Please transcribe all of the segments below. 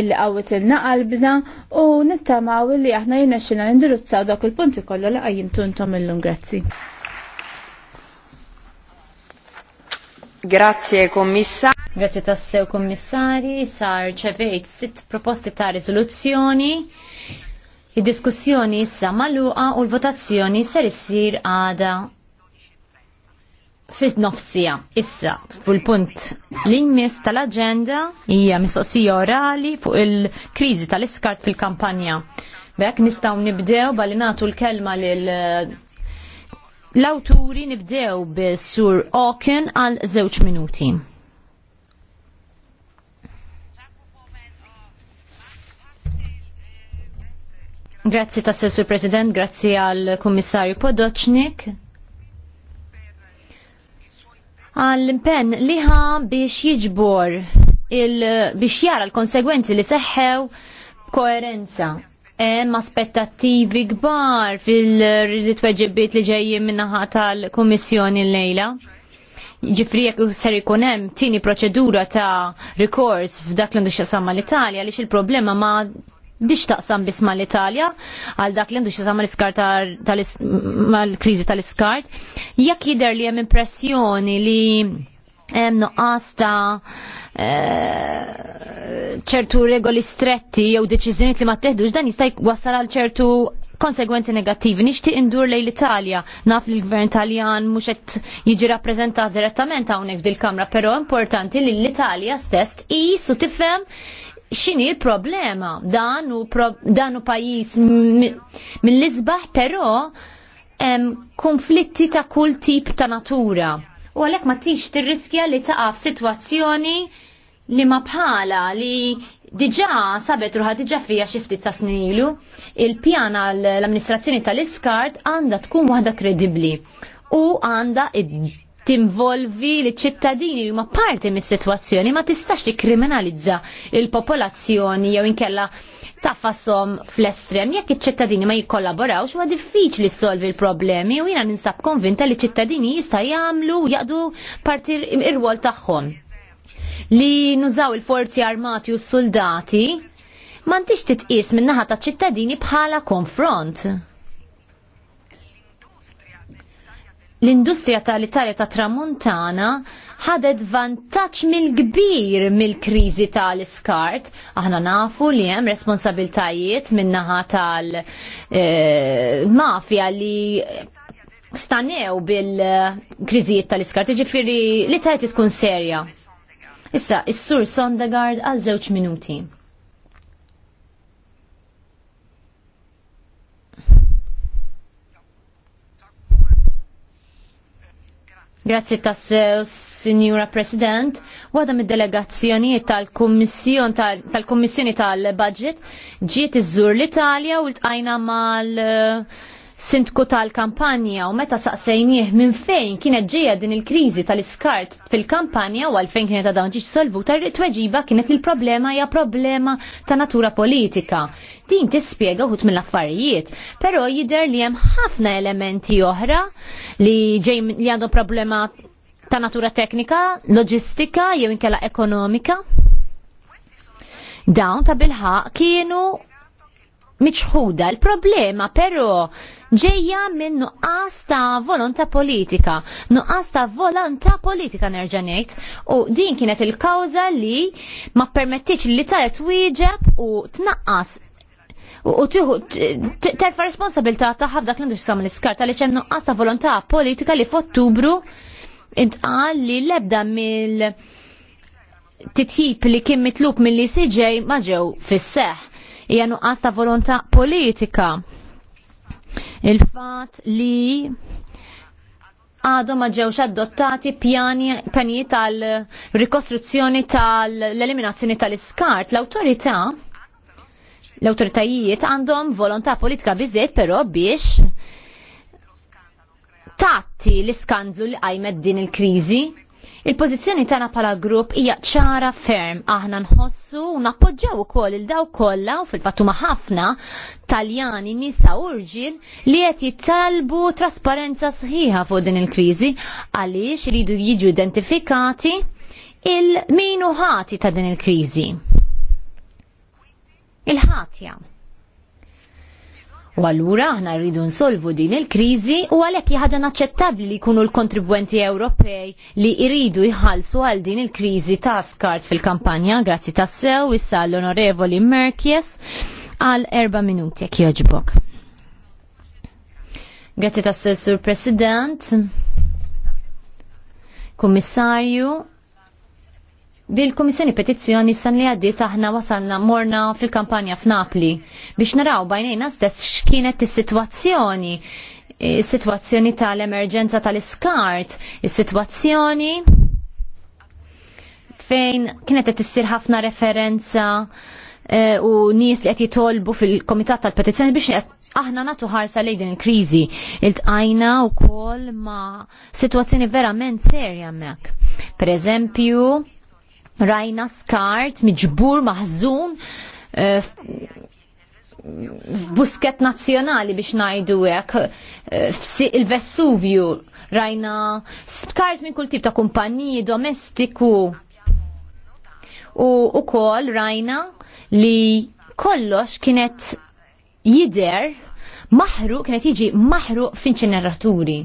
illi għawet il qalbna u nittamaw illi aħna jirnexxina nindirizzaw dak il-punti kollha li għajim intom illum grazzi. Grazie kommissar. Grazie tassew kommissari, sar ċevejt sitt proposti ta' riżoluzzjoni. Id-diskussjoni issa magħluqa u l-votazzjoni ser issir għada fiz nofsija issa fuq il-punt l immis tal-agenda hija mistoqsija orali fuq il-kriżi tal-iskart fil-kampanja. Bek nistgħu nibdew bali nagħtu l-kelma lil eh, l-awturi nibdew bis-sur Oken għal żewġ minuti. Grazzi tas Sur President, grazzi al Kummissarju Podoċnik għall-impenn liħa biex jiġbor biex jara l-konsegwenzi li seħħew koerenza. Hemm aspettattivi kbar fil-tweġibiet li ġejjin minnaħa tal-Kummissjoni l-lejla. Ġifri jekk ser ikun hemm tieni proċedura ta' rikors f'dak l-industria samma l-Italja għaliex il-problema ma' dix taqsam biss mal-Italja għal dak li għandu xisam mal-iskart mal-krizi tal-iskart. Jekk jider li hemm impressjoni li hemm nuqqas eh, ċertu regoli stretti jew deċiżjonijiet li ma teħdux dan jista' jwassal għal ċertu konsegwenzi negattivi. Nixtieq indur lejn l-Italja. Naf li l-gvern Taljan mhux qed jiġi rappreżentat direttament hawnhekk f'dil-Kamra, però importanti li l-Italja stess qis u tifhem xini il-problema danu, pro, danu pajis mill-isbaħ però konflitti ta' kull tip ta' natura u għalek ma tix tirriskja li għaf situazzjoni li ma bħala li diġa sabet ruħa diġa fija xifti ta' snilu, il-pjana l-amministrazzjoni tal-iskart għanda tkun waħda kredibli u għanda id tinvolvi li ċittadini li ma parti mis situazzjoni ma tistax li kriminalizza il-popolazzjoni jew inkella tafasom fl-estrem jekk iċ-ċittadini ma jikkollaborawx huwa diffiċli solvi l-problemi u jiena ninsab konvinta li ċittadini jista' jagħmlu jaqdu parti ir-rwol tagħhom. Li nużaw il-forzi armati u s soldati m'għandix titqis min-naħa taċ-ċittadini bħala konfront l-industrija tal-Italja ta' tramuntana ħadet vantaġġ mill-kbir mill-kriżi tal-iskart. Aħna nafu li hemm responsabiltajiet min-naħa tal-mafja eh, li stanew bil-kriżijiet tal-iskart, Jiġifieri li tajt tkun serja. Issa, is-sur Sondagard għal żewġ minuti. Grazzi tassew, Signora President. Wada mid-delegazzjoni tal-Kommissjoni tal-Budget ġiet iżżur l-Italja u l tajna mal- Sintku tal-kampanja u meta saqsejnieh minn fejn kienet ġejja din il-kriżi tal-iskart fil-kampanja u għalfejn kienet għadha ġiġ solvuta, tweġiba kienet li l-problema hija problema ta' natura politika. Din tispjega wħud mill-affarijiet, però jidher li hemm ħafna elementi oħra li ġej li għandhom problema ta' natura teknika, loġistika jew inkella ekonomika. Dawn ta' bilħaq kienu miċħuda. Il-problema però ġejja minn nuqqas ta' volontà politika. Nuqqas ta' volontà politika nerġa' ngħid. U din kienet il-kawża li ma permettix li tal twieġeb u tnaqqas u tiħu terfa' responsabilità ta' ħabda l-indux sam l-iskar tal nuqqas ta' volontà politika li f'Ottubru intqal li l-ebda mill titjib li kien mitlub mill-li siġej maġew ġew fis-seħ hija nuqqas ta' volontà politika. Il-fatt li għadhom ma ġewx adottati pjani pjanijiet tal-rikostruzzjoni tal-eliminazzjoni tal-iskart. L-awtorità l-awtoritajiet għandhom volontà politika biżejt però biex tatti l-iskandlu li qajmet din il-kriżi Il-pożizzjoni tagħna bħala grupp hija ċara ferm aħna nħossu u nappoġġaw ukoll il daw kollha u fil-fattu ħafna Taljani nisa u li qed jittalbu trasparenza sħiħa fuq din il-kriżi għaliex iridu jiġu identifikati il-minu ħati ta' din il-kriżi. Il-ħatja. U allura aħna rridu nsolvu din il-kriżi u għalhekk ħaġa naċċettabbli li jkunu l-kontribwenti Ewropej li jridu jħallsu għal din il-kriżi ta' skart fil-kampanja grazzi tassew issa l-Onorevoli Merkies għal erba minuti jekk jogħġbok. Grazzi sew, Sur President, Kummissarju, Bil-Komissjoni Petizzjoni san li għaddiet aħna wasalna morna fil-kampanja f'Napli biex naraw bajnejna stess x'kienet is-sitwazzjoni is-sitwazzjoni tal-emerġenza tal-iskart, is-sitwazzjoni fejn kienet qed issir ħafna referenza e, u nies li qed jitolbu fil-Komitat tal-Petizzjoni biex aħna natu ħarsa lejn din il-kriżi. Iltqajna wkoll ma' sitwazzjoni verament serja hemmhekk. Per eżempju, rajna skart, miġbur, maħżun eh, busket nazzjonali biex ngħidu hekk eh, il vesuvju rajna skart minn kull tip ta' kumpaniji domestiku u kol rajna li kollox kienet jider maħruq kienet jiġi maħruq f'inċineraturi.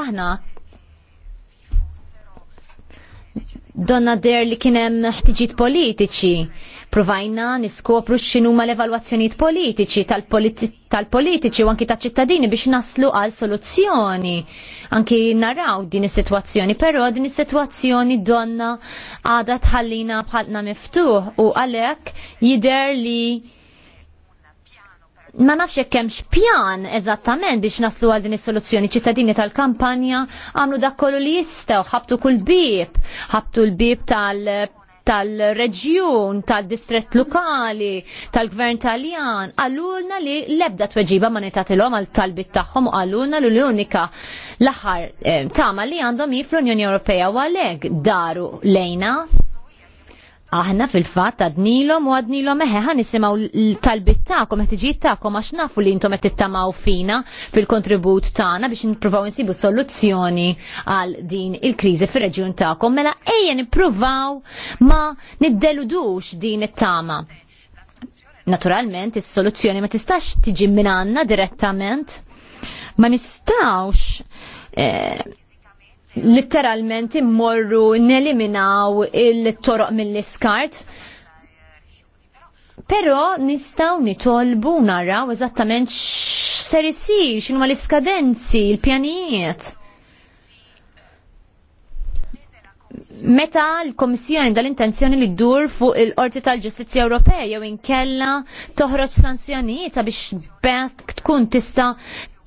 Aħna donna der li kienem ħtiġit politiċi. Provajna niskopru x'inhuma l-evalwazzjonijiet politiċi tal-politiċi u anki ta' ċittadini biex naslu għal soluzzjoni. Anki naraw din is-sitwazzjoni, però din is-sitwazzjoni donna għadha tħallina bħalna miftuħ u għalhekk jidher li ma nafx jekk hemmx pjan eżattament biex naslu għal din is-soluzzjoni. ċittadini tal-kampanja għamlu dak kollu li jistgħu, ħabtu kull bib, ħabtu l-bib tal tal-reġjun, tal-distret lokali, tal-gvern taljan, għallulna li lebda tweġiba ma nitatilhom għal talbit tagħhom u għallulna li l-unika l-aħħar eh, tama li għandhom hi unjoni Ewropea u għalhekk daru lejna aħna fil-fat għadnilom u għadnilom eħe ħan nisimaw l-talbit ta'kom, ħtiġijiet ta'kom għax nafu li jintom qed tittamaw fina fil-kontribut tagħna biex nippruvaw insibu soluzzjoni għal din il-kriżi fir-reġjun ta'kom, mela ejja nippruvaw ma niddeludux din it-tama. Naturalment, is-soluzzjoni ma tistax tiġi minn għandna direttament. Ma nistawx eh, Literalment immorru neliminaw il-toroq mill-iskart. Pero nistaw nitolbu naraw eżattament x'ser isir, x'inhuma l-iskadenzi, l-pjanijiet. Meta l-Komissjoni dal-intenzjoni li ddur fuq il-Qorti tal-Ġustizzja Ewropea jew inkella toħroġ sanzjonijiet biex bekk tkun tista'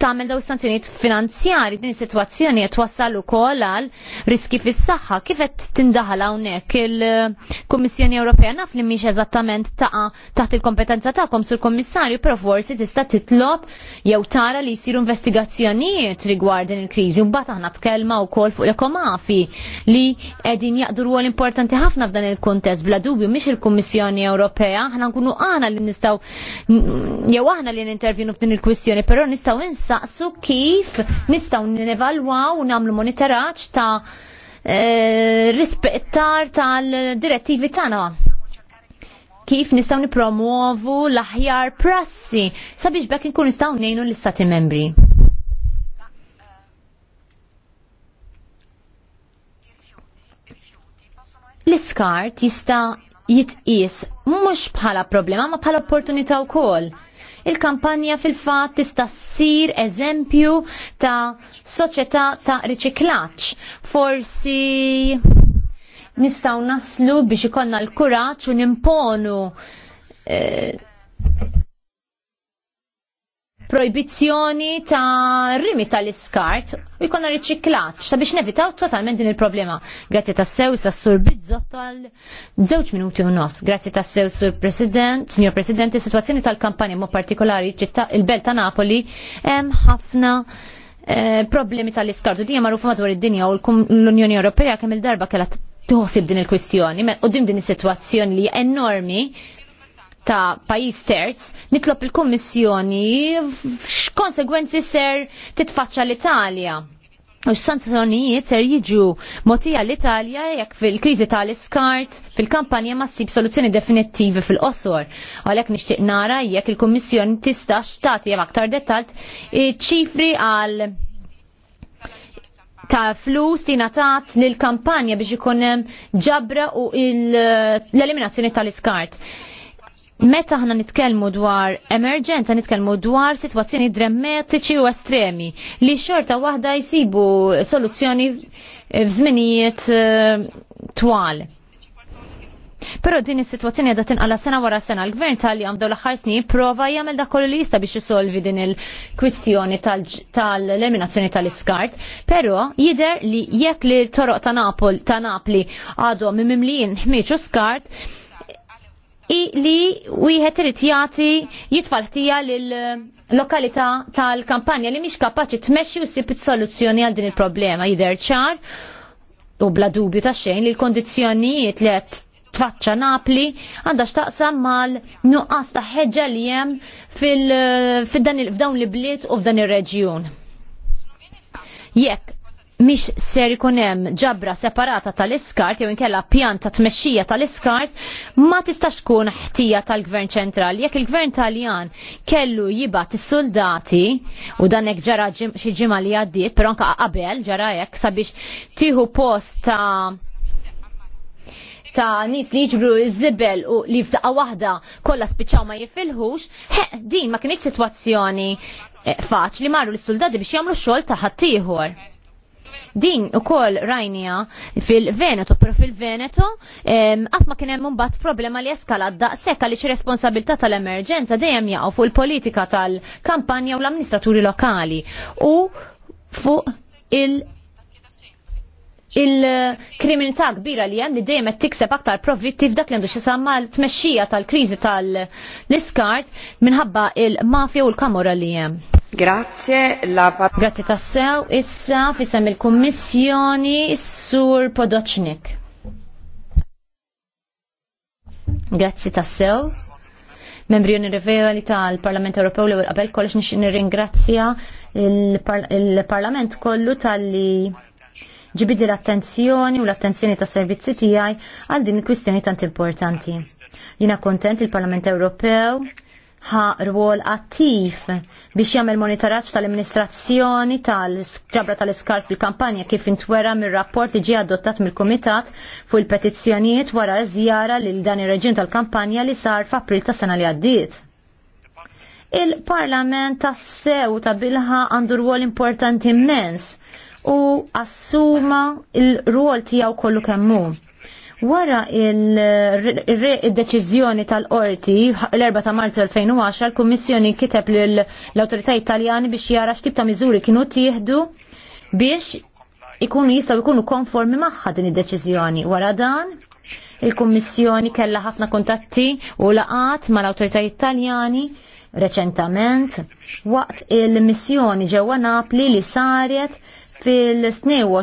tagħmel daw sanzjonijiet finanzjari din is-sitwazzjoni qed wassal ukoll għal riski fis-saħħa. Kif qed tindaħal hawnhekk il-Kummissjoni Ewropea naf li mhix eżattament taqa' taħt il-kompetenza tagħkom sur Kommissarju, però forsi tista' titlob jew tara li jsiru investigazzjonijiet rigward din il-kriżi u mbagħad aħna tkellma wkoll fuq l-ekomafi li qegħdin jaqdu rwol importanti ħafna f'dan il-kuntest bla dubju mhix il-Kummissjoni Ewropea aħna nkunu aħna li nistgħu jew aħna li nintervjunu f'din il-kwistjoni, però nistgħu nistaqsu kif nistgħu nevalwaw u nagħmlu monitoraġġ ta' eh, rispettar tal-direttivi tagħna kif nistaw nipromuovu l-aħjar prassi sabiex bekk nkun nistaw nejnu l-istati membri. L-iskart jista jitqis mhux bħala problema ma bħala opportunità wkoll il-kampanja fil-fat tista' ssir eżempju ta' soċjetà ta' riċiklaġġ. Forsi nistgħu naslu biex ikollna l-kuraġġ u nimponu eh, proibizzjoni ta' rimi tal-iskart u jkollna riċiklaċ sabiex nevitaw totalment din il-problema. Grazzi ta' sew sa' sur bizzotto għal żewġ minuti u nofs. Grazzi ta' sew sur President, Signor President, is-sitwazzjoni tal-kampanja mo partikolari il-belt ta' Napoli hemm ħafna eh, problemi tal iskart U dinja marrufa madwar id-dinja u l-Unjoni Ewropea kemm il-darba kellha tħossib din il-kwistjoni, u din din il-situazzjoni li enormi ta' pajis terz, nitlob il-Kummissjoni x'konsegwenzi ser titfaċċa l-Italja. U x-sanzjonijiet ser jiġu motija l-Italja jekk fil-kriżi tal-iskart fil-kampanja ma ssib soluzzjoni definittivi fil-qosor. Għalhekk nixtieq nara jekk il-Kummissjoni tista' tagħti hemm aktar dettalt ċifri għal ta' flus li natat lil kampanja biex ikun hemm ġabra u l-eliminazzjoni tal-iskart meta ħna nitkellmu dwar emerġenza nitkellmu dwar sitwazzjoni drammatiċi u estremi li xorta waħda jsibu soluzzjoni f'żminijiet eh, twal. Pero din is-sitwazzjoni għadha tinqala sena wara sena. L-gvern tal-li għamdaw l-aħħar snin jipprova jagħmel dak kollu li jista' biex isolvi din il-kwistjoni tal-eliminazzjoni tal-iskart. Però jidher li jekk li toroq ta' Napol ta' Napli għadhom mimlin ħmiċ skart, li wieħed irid jagħti jitfal ħtija lill-lokalità tal-kampanja li mhix kapaċi tmexxi u ssib soluzzjoni għal din il-problema jidher ċar u bla dubju ta' xejn li l-kondizzjonijiet li qed tfaċċa Napli għandha x'taqsam mal-nuqqas ta' ħeġġa li hemm fil-dan f'dawn bliet u f'dan ir-reġjun. Jekk mhix ser ikun hemm ġabra separata tal-iskart jew inkella pjan ta' tmexxija tal-iskart ma tistax tkun ħtija tal-Gvern ċentrali. Jekk il-Gvern Taljan kellu jibgħat is-soldati u dan hekk ġara xi ġimgħa li għaddiet, però anke qabel ġara hekk sabiex tieħu post ta' ta' nis li jġbru iż-żibel u li f'daqqa waħda kollha spiċċaw ma jifilħux, din ma kienx sitwazzjoni eh, faċli marru l-soldati biex jagħmlu xogħol ta' ħaddieħor Din ukoll rajnija fil-Veneto, però fil-Veneto qatt kien hemm mbagħad problema li eskala daqshekk għaliex responsabilità tal-emerġenza dejjem jaqgħu fuq il-politika tal-kampanja u l-amministraturi lokali u fuq il- il-kriminalità kbira li hemm li dejjem qed tikseb aktar profitti f'dak li għandu xi samma l-tmexxija tal-kriżi tal-iskart minħabba il-mafja u l-kamora li hemm. Grazie, la Grazie tassew, issa fissam il-kommissjoni sur Podoċnik. Grazie tassew. Membri onorevoli tal-Parlament Ewropew l qabel kollox nix nirringrazzja il-Parlament kollu tal-li ġibidi l-attenzjoni u l-attenzjoni ta' servizzi tijaj għal din il-kwistjoni tant importanti. Jina kontent il-Parlament Ewropew ħa rwol attiv biex jagħmel monitoraġġ tal-amministrazzjoni tal-skrabra tal-iskar fil-kampanja kif intwera mir-rapport li ġie adottat mill-Kumitat fuq il-petizzjonijiet wara żjara lil dan ir reġim tal-kampanja li sar f'April tas sena li għaddiet. Il-Parlament tassew ta' bilħa għandu rwol importanti immens u assuma il-rwol tiegħu kollu kemm hu Wara il-deċizjoni tal-qorti l-4 ta' marzu 2010 l-Kummissjoni kiteb l-autorità italjani biex jara x'tib ta' miżuri kienu tieħdu biex ikunu jistaw ikunu konformi magħha din id-deċiżjoni. Wara dan, il-Kummissjoni kellha ħafna kuntatti u laqat mal-autorità italjani reċentament waqt il-missjoni ġewwa Napli li saret fil-22 u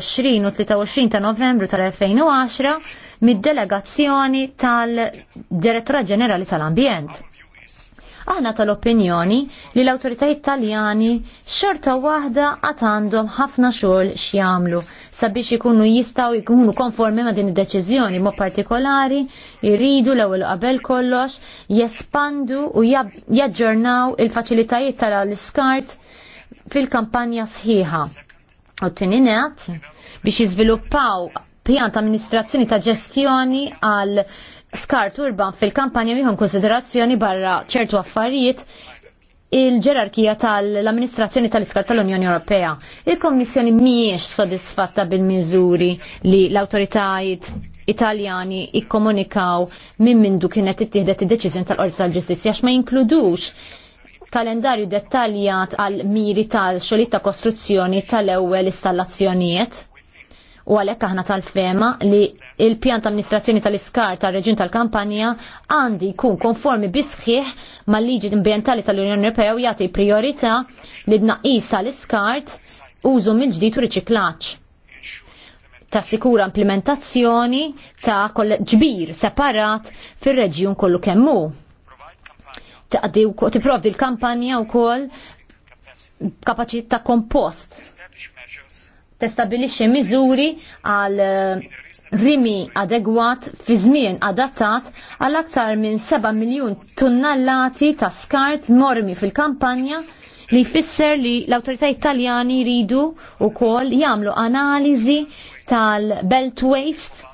23 ta' Novembru tal-2010 mid-delegazzjoni tal-Direttura Ġenerali tal-Ambjent. Aħna tal-opinjoni li l-autoritajiet taljani xorta waħda għat għandhom ħafna xogħol x'jamlu sabiex ikunu jistgħu jkunu konformi ma' din id-deċiżjoni mod partikolari jridu l-ewwel qabel kollox jespandu u jaġġornaw il-faċilitajiet tal-iskart fil-kampanja sħiħa. U t biex jizviluppaw pjan ta' amministrazzjoni ta' ġestjoni għal skart urban fil-kampanja miħon konsiderazzjoni barra ċertu affarijiet il-ġerarkija tal-amministrazzjoni tal-iskart tal-Unjoni Ewropea. Il-Kommissjoni miex sodisfatta bil-miżuri li l-autoritajiet Italjani ikkomunikaw minn mindu kienet ittieħdet id-deċiżjoni tal-Qorti tal-Ġustizzja għax ma jinkludux kalendarju dettaljat għal miri tal xolita ta' kostruzzjoni tal-ewwel installazzjonijiet u għalhekk aħna tal-fema li il-pjan tal-amministrazzjoni tal-iskar tal-reġjun tal-kampanja għandi jkun konformi bisħiħ mal-liġi ambientali tal-Unjoni Ewropea u jagħti priorità li d-naqis tal-iskart użu mill-ġdid u riċiklaġġ ta' sikura implementazzjoni ta' ġbir separat fir-reġjun kollu kemmu. Tipprovdi l-kampanja wkoll kapacita kompost testabilixxi miżuri għal eh, rimi adegwat fi żmien adattat għal aktar minn 7 miljun tunnellati ta' skart mormi fil-kampanja li jfisser li l-autoritajiet Italjani ridu wkoll jagħmlu analiżi tal-belt waste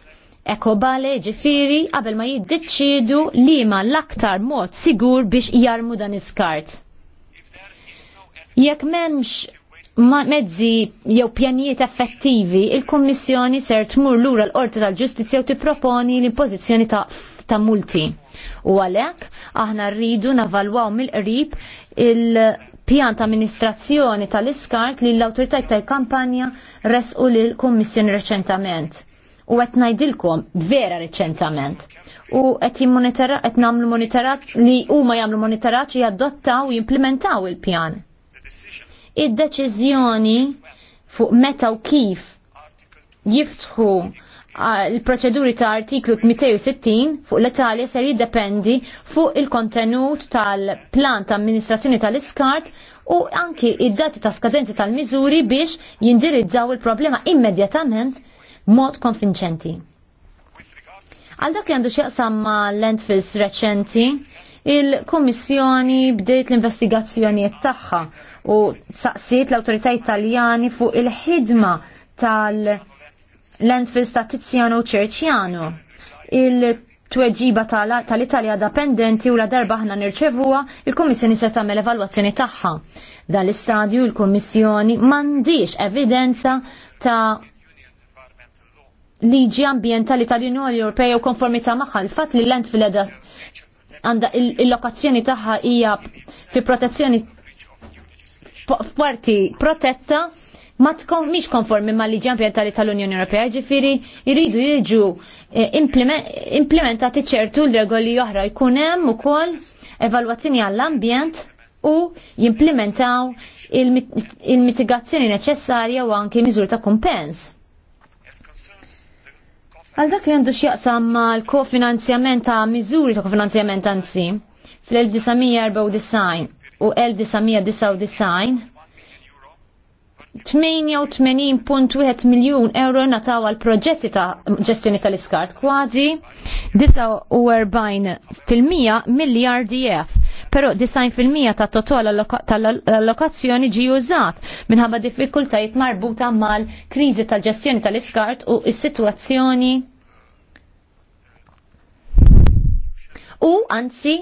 ekobale ġifiri qabel ma jiddeċidu li ma l-aktar mod sigur biex jarmu dan iskart. Jekk memx mezzi jew pjanijiet effettivi, il-Kommissjoni ser tmur lura l-Qorti tal-Ġustizzja u tipproponi l-impożizzjoni ta', ta multi. U għalhekk aħna rridu navalwaw mill-qrib il-pjan ta' amministrazzjoni tal-iskart li l-awtoritajt tal-kampanja resqu lill-Kummissjoni reċentament. U qed ngħidilkom vera reċentament u qed jimmonitara qed nagħmlu monitorat li huma jagħmlu li jadottaw u jimplementaw il-pjan id-deċiżjoni fuq meta u kif jiftħu l-proċeduri ta' artiklu 260 fuq l-Italja ser jiddependi fuq il-kontenut tal-plan ta' amministrazzjoni tal-iskart u anki id-dati ta' skadenzi tal-miżuri biex jindirizzaw il-problema immedjatament mod konvinċenti. Għal dak li għandu xieqsam ma' landfills reċenti, il-Kommissjoni bdejt l-investigazzjonijiet tagħha u saqsiet l autorità Italjani fuq il-ħidma tal landfill statizjano u Ċerċjano. Il-tweġiba tal-Italja tal dependenti u la darba ħna nirċevuha, il-Kummissjoni se tagħmel evalwazzjoni tagħha. Dal-istadju il-Kummissjoni m'għandix evidenza ta' liġi ambientali tal-Unjoni Ewropea u konformità magħha l-fatt li l-landfill għanda il-lokazzjoni tagħha hija fi protezzjoni f'parti protetta ma tkun mhix konformi mal liġi ambjentali tal-Unjoni Ewropea, ġifieri jridu jiġu eh, implementati ċertu l-regoli oħra jkun hemm ukoll evalwazzjoni għall-ambjent u jimplementaw il-mitigazzjoni neċessarja u anke miżur ta' kumpens. Għal dak li għandu x'jaqsam mal kofinanzjament ta' miżuri ta' kofinanzjament anzi fl-1994 u 1999 88.1 miljon euro nataw għal proġetti ta' ġestjoni tal-iskart kważi 49% mill-RDF. Pero 90% ta' totol tal-allokazzjoni ġi użat minħabba diffikultajiet marbuta mal-kriżi tal-ġestjoni tal-iskart u s-sitwazzjoni u anzi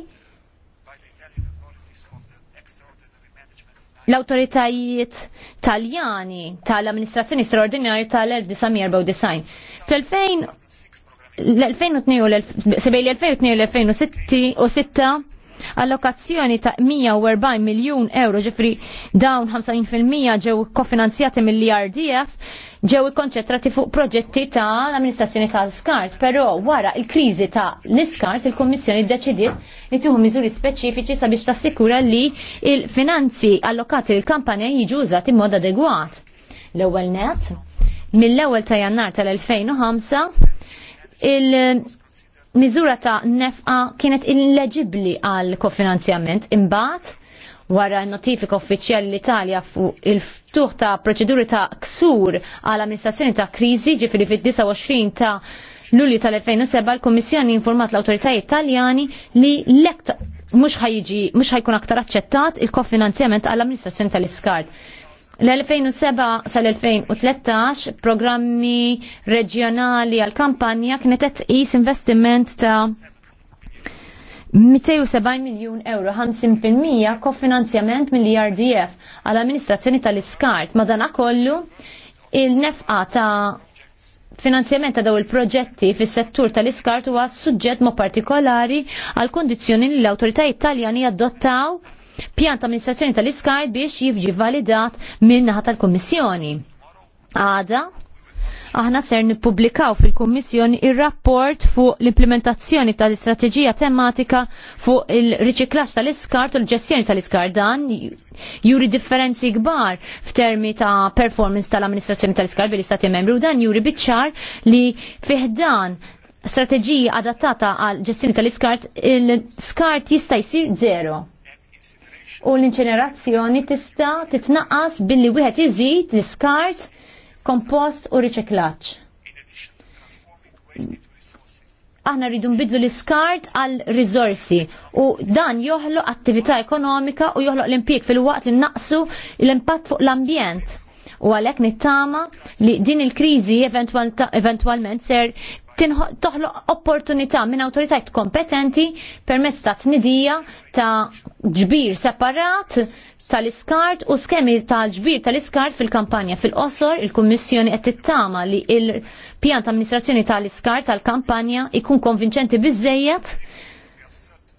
l-autoritajiet taljani tal-amministrazzjoni straordinarju tal-1994. Fl-2000 l-2002 u l-2006 allokazzjoni ta' 140 miljun euro ġifri dawn 50% ġew kofinanzjati mill-IRDF ġew ikkonċentrati fuq proġetti ta' l-amministrazzjoni ta' skart, però wara il-kriżi ta' l skart il-Kummissjoni ddeċidiet li tieħu miżuri speċifiċi sabiex tassikura li il-finanzi allokati l-kampanja jiġu użati mod adegwat. L-ewwel net, mill-ewwel ta' Jannar tal-2005 il- miżura ta' nefqa kienet illeġibli għal kofinanzjament imbagħad wara notifika uffiċjali l-Italja fuq il-ftuħ ta' proċeduri ta' ksur għal amministrazzjoni ta' kriżi ġifiri fit-29 ta' Lulju tal-2007 l-Kommissjoni informat l-autoritajiet Taljani li l-ekt mux ħajġi, mux ħajkun aktar aċċettat il-kofinanzjament għall-amministrazzjoni tal-iskart. L-2007 sal-2013 programmi reġjonali għal kampanja kienet qed is investiment ta' 270 miljun euro, 50% kofinanzjament mill-IRDF għal amministrazzjoni tal-iskart. Madana kollu il-nefqa ta' finanzjament ta' daw il-proġetti fis settur tal-iskart huwa suġġett mo partikolari għal kondizzjoni li l-awtoritajiet Taljani adottaw pjan ta' amministrazzjoni tal-Iskaj biex jifġi validat minnaħa tal-Kommissjoni. Għada, aħna ser nippubblikaw fil-Kummissjoni il rapport fuq l-implementazzjoni tal-istrateġija tematika fuq il-riċiklaġġ tal-iskart u l-ġestjoni tal-iskart dan juri differenzi kbar f'termi ta' performance tal-amministrazzjoni tal-iskart bil-istati membri u dan juri biċċar li fiħdan strateġija adattata għal ġestjoni tal-iskart, il-skart jista' jsir zero u l-inċenerazzjoni tista' titnaqqas billi wieħed iżid l-iskart, kompost u riċeklaċ. Aħna rridu nbidlu l-iskart għal riżorsi u dan joħloq attività ekonomika u joħloq l-impjieg fil-waqt li naqsu l-impatt fuq l-ambjent u għalek nittama li din il-krizi eventualment ser toħloq opportunità minn autoritajt kompetenti permezz ta' tnidija ta' ġbir separat tal-iskart u skemi tal-ġbir tal-iskart fil-kampanja. Fil-qosor, il-Kummissjoni qed tittama li il-pjan ta' amministrazzjoni tal-iskart tal-kampanja ikun konvinċenti biżejjed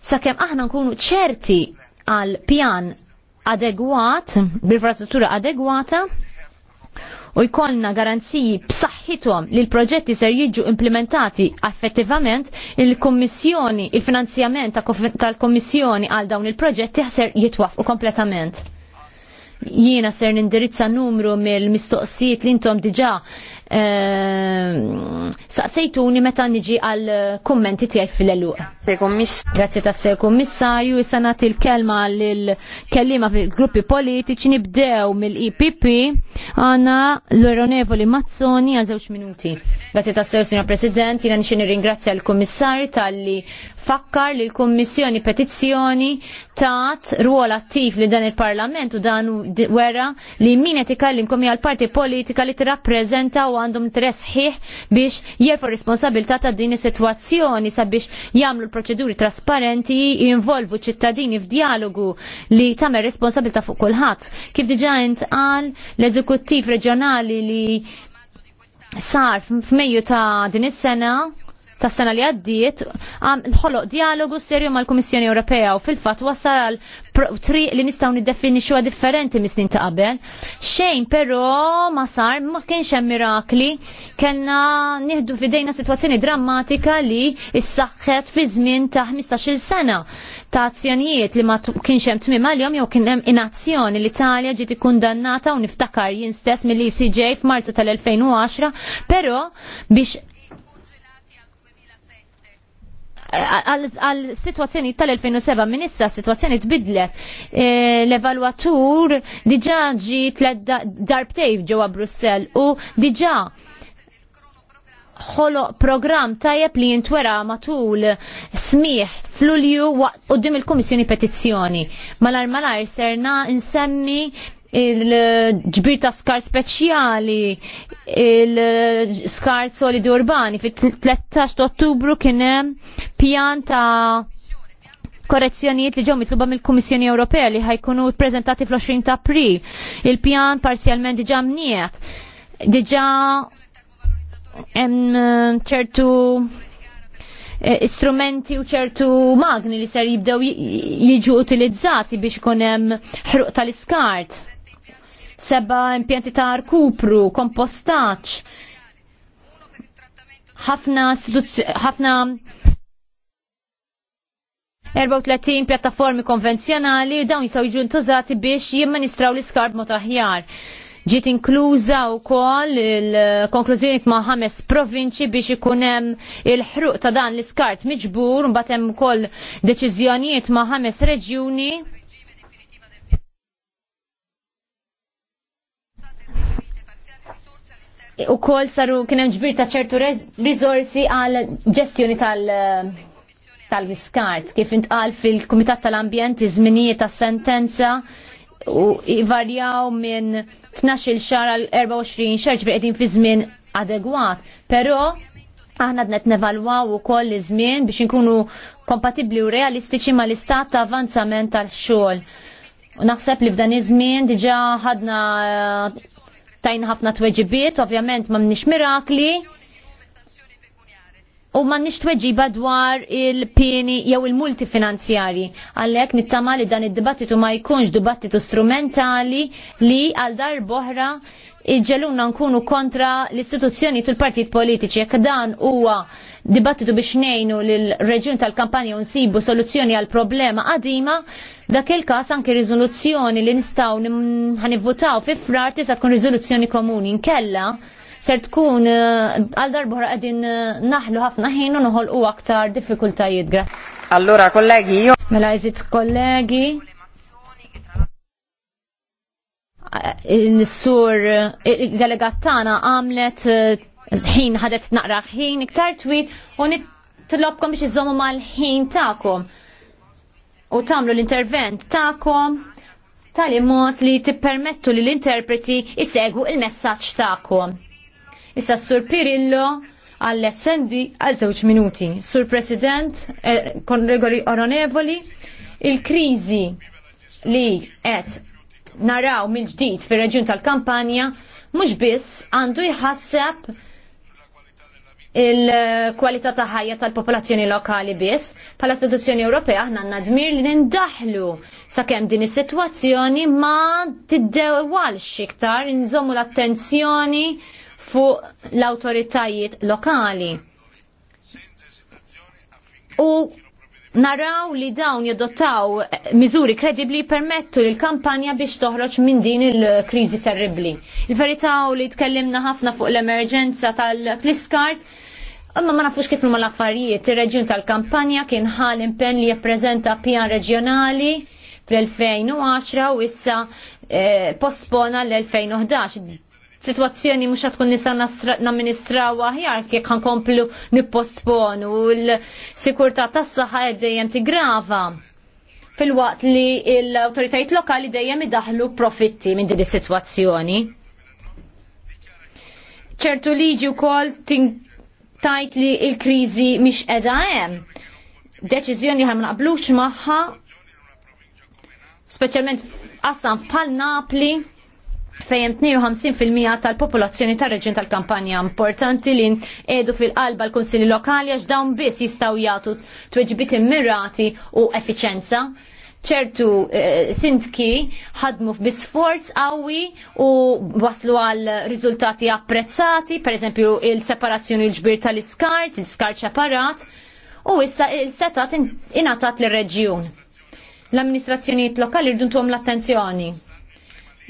sakemm aħna nkunu ċerti għal pjan adegwat, bil-infrastruttura adegwata, u jkollna garanziji b'saħħithom li l-proġetti ser jiġu implementati effettivament il-Kummissjoni, il-finanzjament tal-Kummissjoni għal dawn il-proġetti ser jitwafqu kompletament. Jiena ser nindirizza numru mill-mistoqsijiet li intom diġà Ehm, saqsejtuni meta niġi għal kummenti tiegħi fil-eluq. Grazzi tas se kummissarju, issa nagħti l-kelma lill-kellima fil-gruppi politiċi nibdew mill-IPP għandna l-Onorevoli Mazzoni għal żewġ minuti. Grazzi tas sew Signor President, jiena nixi nirringrazzja l-Kummissarju talli fakkar li l-Kummissjoni petizzjoni tat ruol attiv li dan il-Parlament u dan wera li min qed ikallimkom hija l-parti politika li tirrappreżenta u għandhom interess ħieħ biex jerfu responsabilità ta' din is-sitwazzjoni sabiex jagħmlu l-proċeduri trasparenti jinvolvu ċittadini f'dialogu li tagħmel responsabilità fuq kulħadd. Kif diġà intqal l-eżekuttiv reġjonali li sar f'Mejju ta' din is-sena tas sena li għaddiet nħoloq dialogu serju mal-Kummissjoni Ewropea u fil-fatt wasal għal triq li nistgħu niddefinixxuha differenti mis ta' qabel. Xejn però ma sar ma kienx hemm mirakli kellna nieħdu f'idejna sitwazzjoni drammatika li issaħħet fi żmien ta' 15-il sena ta' azzjonijiet li ma kienx hemm tmiem għalihom jew kien hemm inazzjoni l-Italja ġiet ikkundannata u niftakar jien stess mill-ECJ f'Marzu tal-2010, pero biex għal situazzjoni tal-2007 minn issa situazzjoni tbidlet e, l-evalwatur diġa ġi darbtej ġewwa Brussell u diġa ħolo program tajjeb li jintwera matul smiħ fl-ulju u dim il-Komissjoni Petizzjoni. Malar malar serna insemmi il-ġbir ta' skar speċjali, il-skar solidi urbani. Fit-13 ottubru kienem pjan ta' korrezzjonijiet li ġew mitluba mill-Kummissjoni Ewropea li ħajkunu ppreżentati fl-20 ta' April. Il-pjan parzjalment diġà mniet. diġa' hemm eh, ċertu eh, istrumenti u ċertu magni li ser jibdew jiġu utilizzati biex ikun hemm ħruq tal-iskart seba' impjanti ta' arkupru, kompostaċ, ħafna ħafna 34 pjattaformi konvenzjonali dawn jisaw jiġu ntużati biex jimministraw l-iskarb mod aħjar. Ġiet inkluża wkoll il-konklużjoniet ma' ħames provinċi biex ikun hemm il-ħruq ta' dan l-iskart miġbur, mbagħad hemm ukoll deċiżjonijiet ma' ħames reġjuni u kol saru kienem ġbir ta' ċertu rizorsi għal ġestjoni tal- tal-iskart kif intqal fil-Kumitat tal-Ambjent iż-żminijiet tas-sentenza u varjaw minn 12 xar għal 24 xar ġbir qegħdin fi żmien adegwat, però aħna qed nevalwaw ukoll iż-żmien biex inkunu kompatibbli u realistiċi mal-istat ta' avanzament tal-xogħol. Naħseb li f'dan iż-żmien diġà ħadna tajna ħafna tweġibiet, ovvjament ma mnix mirakli, u ma nix tweġiba dwar il-pieni jew il-multi finanzjari. Għallek nittama li dan id-dibattitu ma jkunx dibattitu strumentali li għal dar boħra iġġeluna nkunu kontra l-istituzzjoni tul partit politiċi. Jekk dan huwa dibattitu biex nejnu l-reġjun tal-kampanja unsibu soluzzjoni għal problema qadima, dak il-kas anki riżoluzzjoni li nistaw ħanivvutaw fi frar tista' tkun rizoluzzjoni komuni. Nkella ser tkun eh, għal darbohra qegħdin eh, naħlu ħafna ħin u noħol u aktar diffikultajiet. Allora, kollegi, jo. Mela, jizit kollegi. Eh, il-sur, il-delegat tagħna għamlet ħin ħadet naqra ħin iktar twil u nitlobkom biex iżommu mal-ħin ta'kom u tamlu l-intervent ta'kom tal-imot li tippermettu li l-interpreti isegwu il messaġġ ta'kom. Issa s Sur Pirillo għall essendi għal żewġ minuti. Sur President, eh, kon onorevoli, il-krizi li qed naraw mill-ġdid fir-reġjun tal-kampanja mhux biss għandu jħasseb il-kwalità ta' ħajja tal-popolazzjoni lokali biss, pala istituzzjoni Ewropea aħna għandna dmir li nindaħlu sakemm din is-sitwazzjoni ma tiddewalx iktar, inżommu l-attenzjoni fuq l-autoritajiet lokali. U naraw li dawn jadottaw miżuri kredibli permettu li l-kampanja biex toħroġ minn din il-kriżi terribli. Il-verità u li tkellimna ħafna fuq l-emerġenza tal-Kliskart, imma ma nafux kif huma l-affarijiet, ir-reġjun tal-kampanja kien ħalim pen li jappreżenta pjan reġjonali fl-2010 u issa eh, postpona l-2011 situazzjoni mhux tkun nista namministraw aħjar jekk nippostpon u l-sikurtà tas-saħħa dejjem tigrava fil-waqt li l awtoritajiet lokali dejjem idaħlu profitti minn din is-sitwazzjoni. ċertu liġi wkoll tajt li l-kriżi mhix qiegħda hemm. Deċiżjoni ħar ma naqblux magħha, speċjalment qassam bħal Napli, fejn 52% tal-popolazzjoni tar-reġjun tal-kampanja importanti li edu fil-qalba l-kunsilli lokali għax dawn biss jistgħu jagħtu tweġbiet immirati u effiċenza. ċertu eh, sindki ħadmu bisforz qawwi u waslu għal riżultati apprezzati, per eżempju il-separazzjoni l-ġbir tal-iskart, l iskart separat, u issa il-setat inatat l-reġjun. L-amministrazzjonijiet lokali rdu l-attenzjoni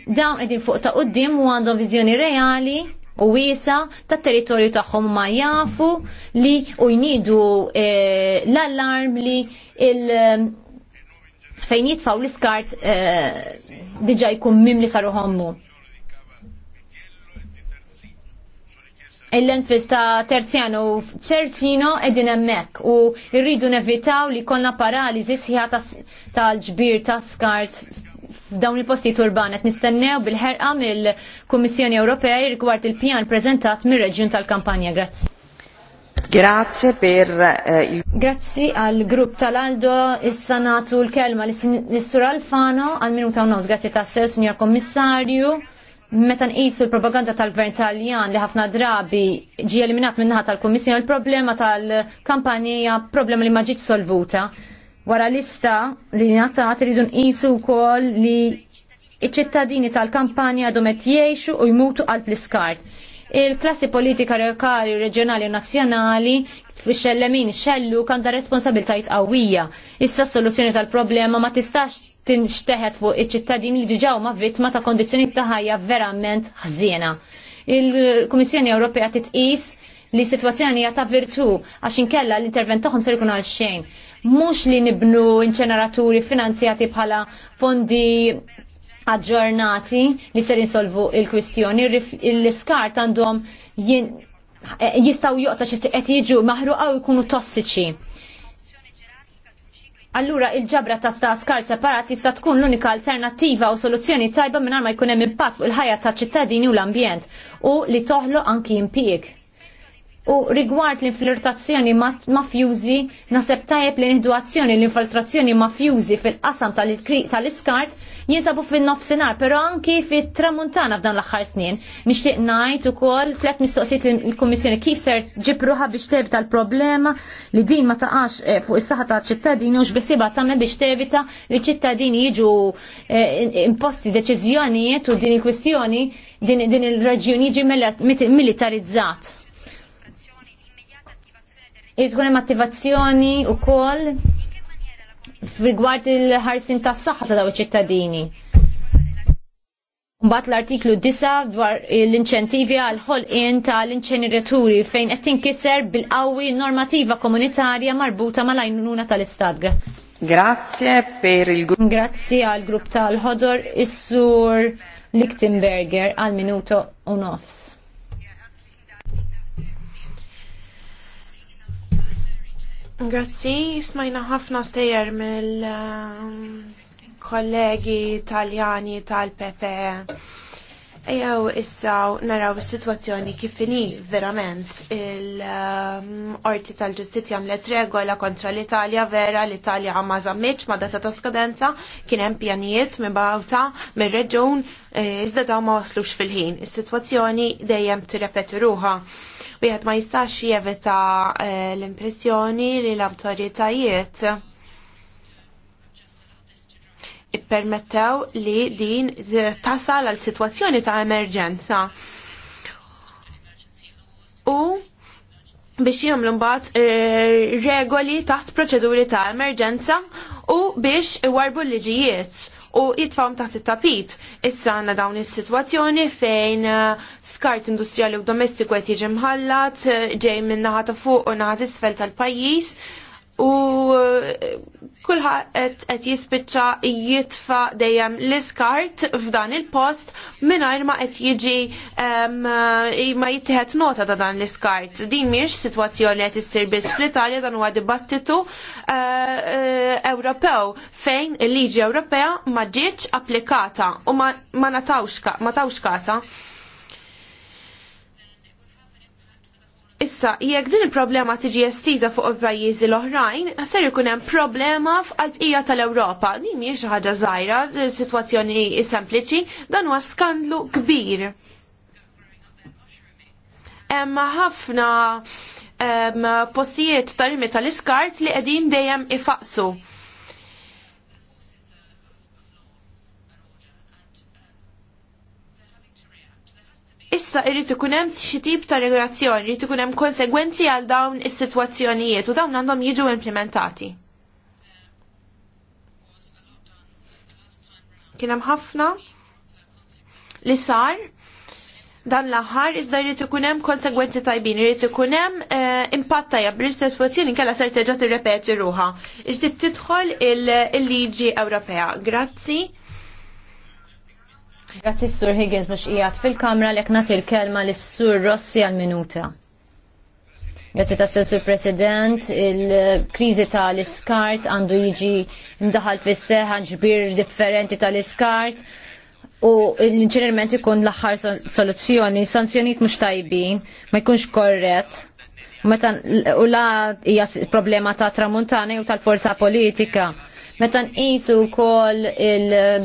dawn qegħdin fuq ta' qudiem u għandhom viżjoni reali u wiesa ta' territorju tagħhom ma jafu li u jnidu eh, l-allarm li il- fejn jitfaw l-iskart eh, diġa jkun mim li saru ħommu. Il-lenfis ta' Terzjano ċerċino edin emmek u rridu nevitaw li konna paralizi sħiħa tal-ġbir ta' skart dawn il-postijiet urbanet nistennew bil-ħerqa mill-Kummissjoni Ewropea rigward il-pjan preżentat mir-Reġjun tal-Kampanja. Grazzi. Grazie per eh, il... Grazzi al grupp tal-Aldo, issa natu l-kelma l-Sur Alfano al minuta u grazie grazzi ta' sew, Signor Kommissarju. Meta nqisu l-propaganda tal-Gvern Taljan li ħafna drabi ġie eliminat minnaħat tal-Kummissjoni, il-problema tal-kampanja problema li ma ġietx solvuta Wara lista li natat rridu nqisu wkoll li iċ-ċittadini tal-kampanja għadhom qed jgħixu u jmutu għal pliskart. Il-klassi politika lokali, reġjonali u nazzjonali fix-xellemin xellu kan da responsabiltajt qawwija. Issa s-soluzzjoni tal-problema ma tistax tinxteħet fuq iċ-ċittadini li ġiġaw ma' vittma ta' kondizjoni ta' ħajja verament ħżiena. Il-Kummissjoni Ewropea titqis li situazzjoni ta' virtu għax inkella l-intervent tagħhom ser jkun għal xejn mhux li nibnu inċeneraturi finanzjati bħala fondi aġġornati li ser insolvu il-kwistjoni, l-iskart għandhom jistaw joqta qed jiġu maħru għaw jkunu tossiċi. Allura il-ġabra ta' sta' skart separat tista' tkun l-unika alternattiva u soluzzjoni tajba minn ma jkun hemm impatt fuq il-ħajja ta' ċittadini u l-ambjent u li toħloq anki impjieg. U rigward l-infiltrazzjoni mafjużi, naseb tajjeb li nħidu azzjoni l-infiltrazzjoni mafjużi fil-qasam tal-iskart jinsabu fil-nofsinar, pero anki fil-tramuntana f'dan l axar snin. Nishtiq najt u kol tlet mistoqsijiet l komissjoni kif ser ġipruħa biex tebita l-problema li din ma taqax eh, fuq is-saħħa ta' ċittadini u x'bisiba tagħmel biex tebita li ċittadini jiġu eh, imposti deċiżjonijiet u din il-kwistjoni din il-raġjuni jiġi mela- militarizzat Irid tkun hemm attivazzjoni wkoll rigward il-ħarsin tas-saħħa ta' daw iċ-ċittadini. Mbagħad l-artiklu 9 dwar l-inċentivi għal ħolqien tal inċeneraturi fejn qed tinkiser bil-qawwi normativa komunitarja marbuta mal-għajnuna tal-Istat. Grazie per il grupp. Grazie għal grupp tal-ħodor is-sur Lichtenberger għal minuto u nofs. Grazzi, smajna ħafna stejjer mill-kollegi um, Taljani tal pepe Ejjew issa naraw is-sitwazzjoni kif inhi verament il-qorti um, tal-ġustizzja għamlet regola kontra l-Italja vera l-Italja ma żammitx ma data ta' skadenza kien hemm pjanijiet Bauta, mir-reġun eh, iżda dawn ma waslux fil-ħin. Is-sitwazzjoni dejjem tirrepeti ruha wieħed ma jistax jevita eh, l-impressjoni li l-autoritajiet ippermettew li din tasal għal situazzjoni ta' emerġenza. U biex jagħmlu mbagħad eh, regoli taħt proċeduri ta' emerġenza u biex warbu l-liġijiet u jitfawm taħt it-tapit. Issa għandna dawn is-sitwazzjoni fejn uh, skart industrijali u domestiku qed jiġi mħallat uh, ġej minn naħa ta' fuq u naħa isfel tal-pajjiż u eh, kulħadd qed jispiċċa jitfa dejjem l-iskart f'dan il-post mingħajr ma qed jiġi eh, ma jittieħed nota ta' dan l-iskart. Din mhix sitwazzjoni qed issir biss fl-Italja dan huwa dibattitu eh, Ewropew fejn il-liġi Ewropea ma ġietx applikata u ma natawx ma tawx kasa. Issa, jekk din il-problema tiġi estiża fuq il-pajjiżi l-oħrajn, ser ikun hemm problema f'qalbqija tal-Ewropa. Din mhijiex ħaġa żgħira, sitwazzjoni sempliċi, dan huwa skandlu kbir. Hemm ħafna postijiet tal-imi tal-iskart li qegħdin dejjem ifaqsu. Issa irrid ikun hemm xi tip ta' regolazzjoni, irrid ikun hemm konsegwenzi għal dawn is-sitwazzjonijiet u dawn għandhom jiġu implementati. Kien hemm ħafna li sar dan l-aħħar iżda jrid ikun hemm konsegwenzi tajbin, jrid ikun hemm eh, impatt tajjeb bl-istesswazzjoni kellha se terġa' tirrepeti ruha. Irid tidħol il-liġi Ewropea. Grazzi. Grazzi s-Sur Higgins biex ijat fil-kamra li nagħti il-kelma lis sur Rossi għal-minuta. Grazzi ta' sur President, il kriżi tal iskart għandu jiġi mdaħal fis-seħħa ġbir differenti tal iskart u l-inċinerment ikun l-aħħar soluzzjoni, sanzjoniet mhux tajbin, ma jkunx korrett Meta u la hija problema ta' tramuntana u tal-forza politika. Meta nqisu wkoll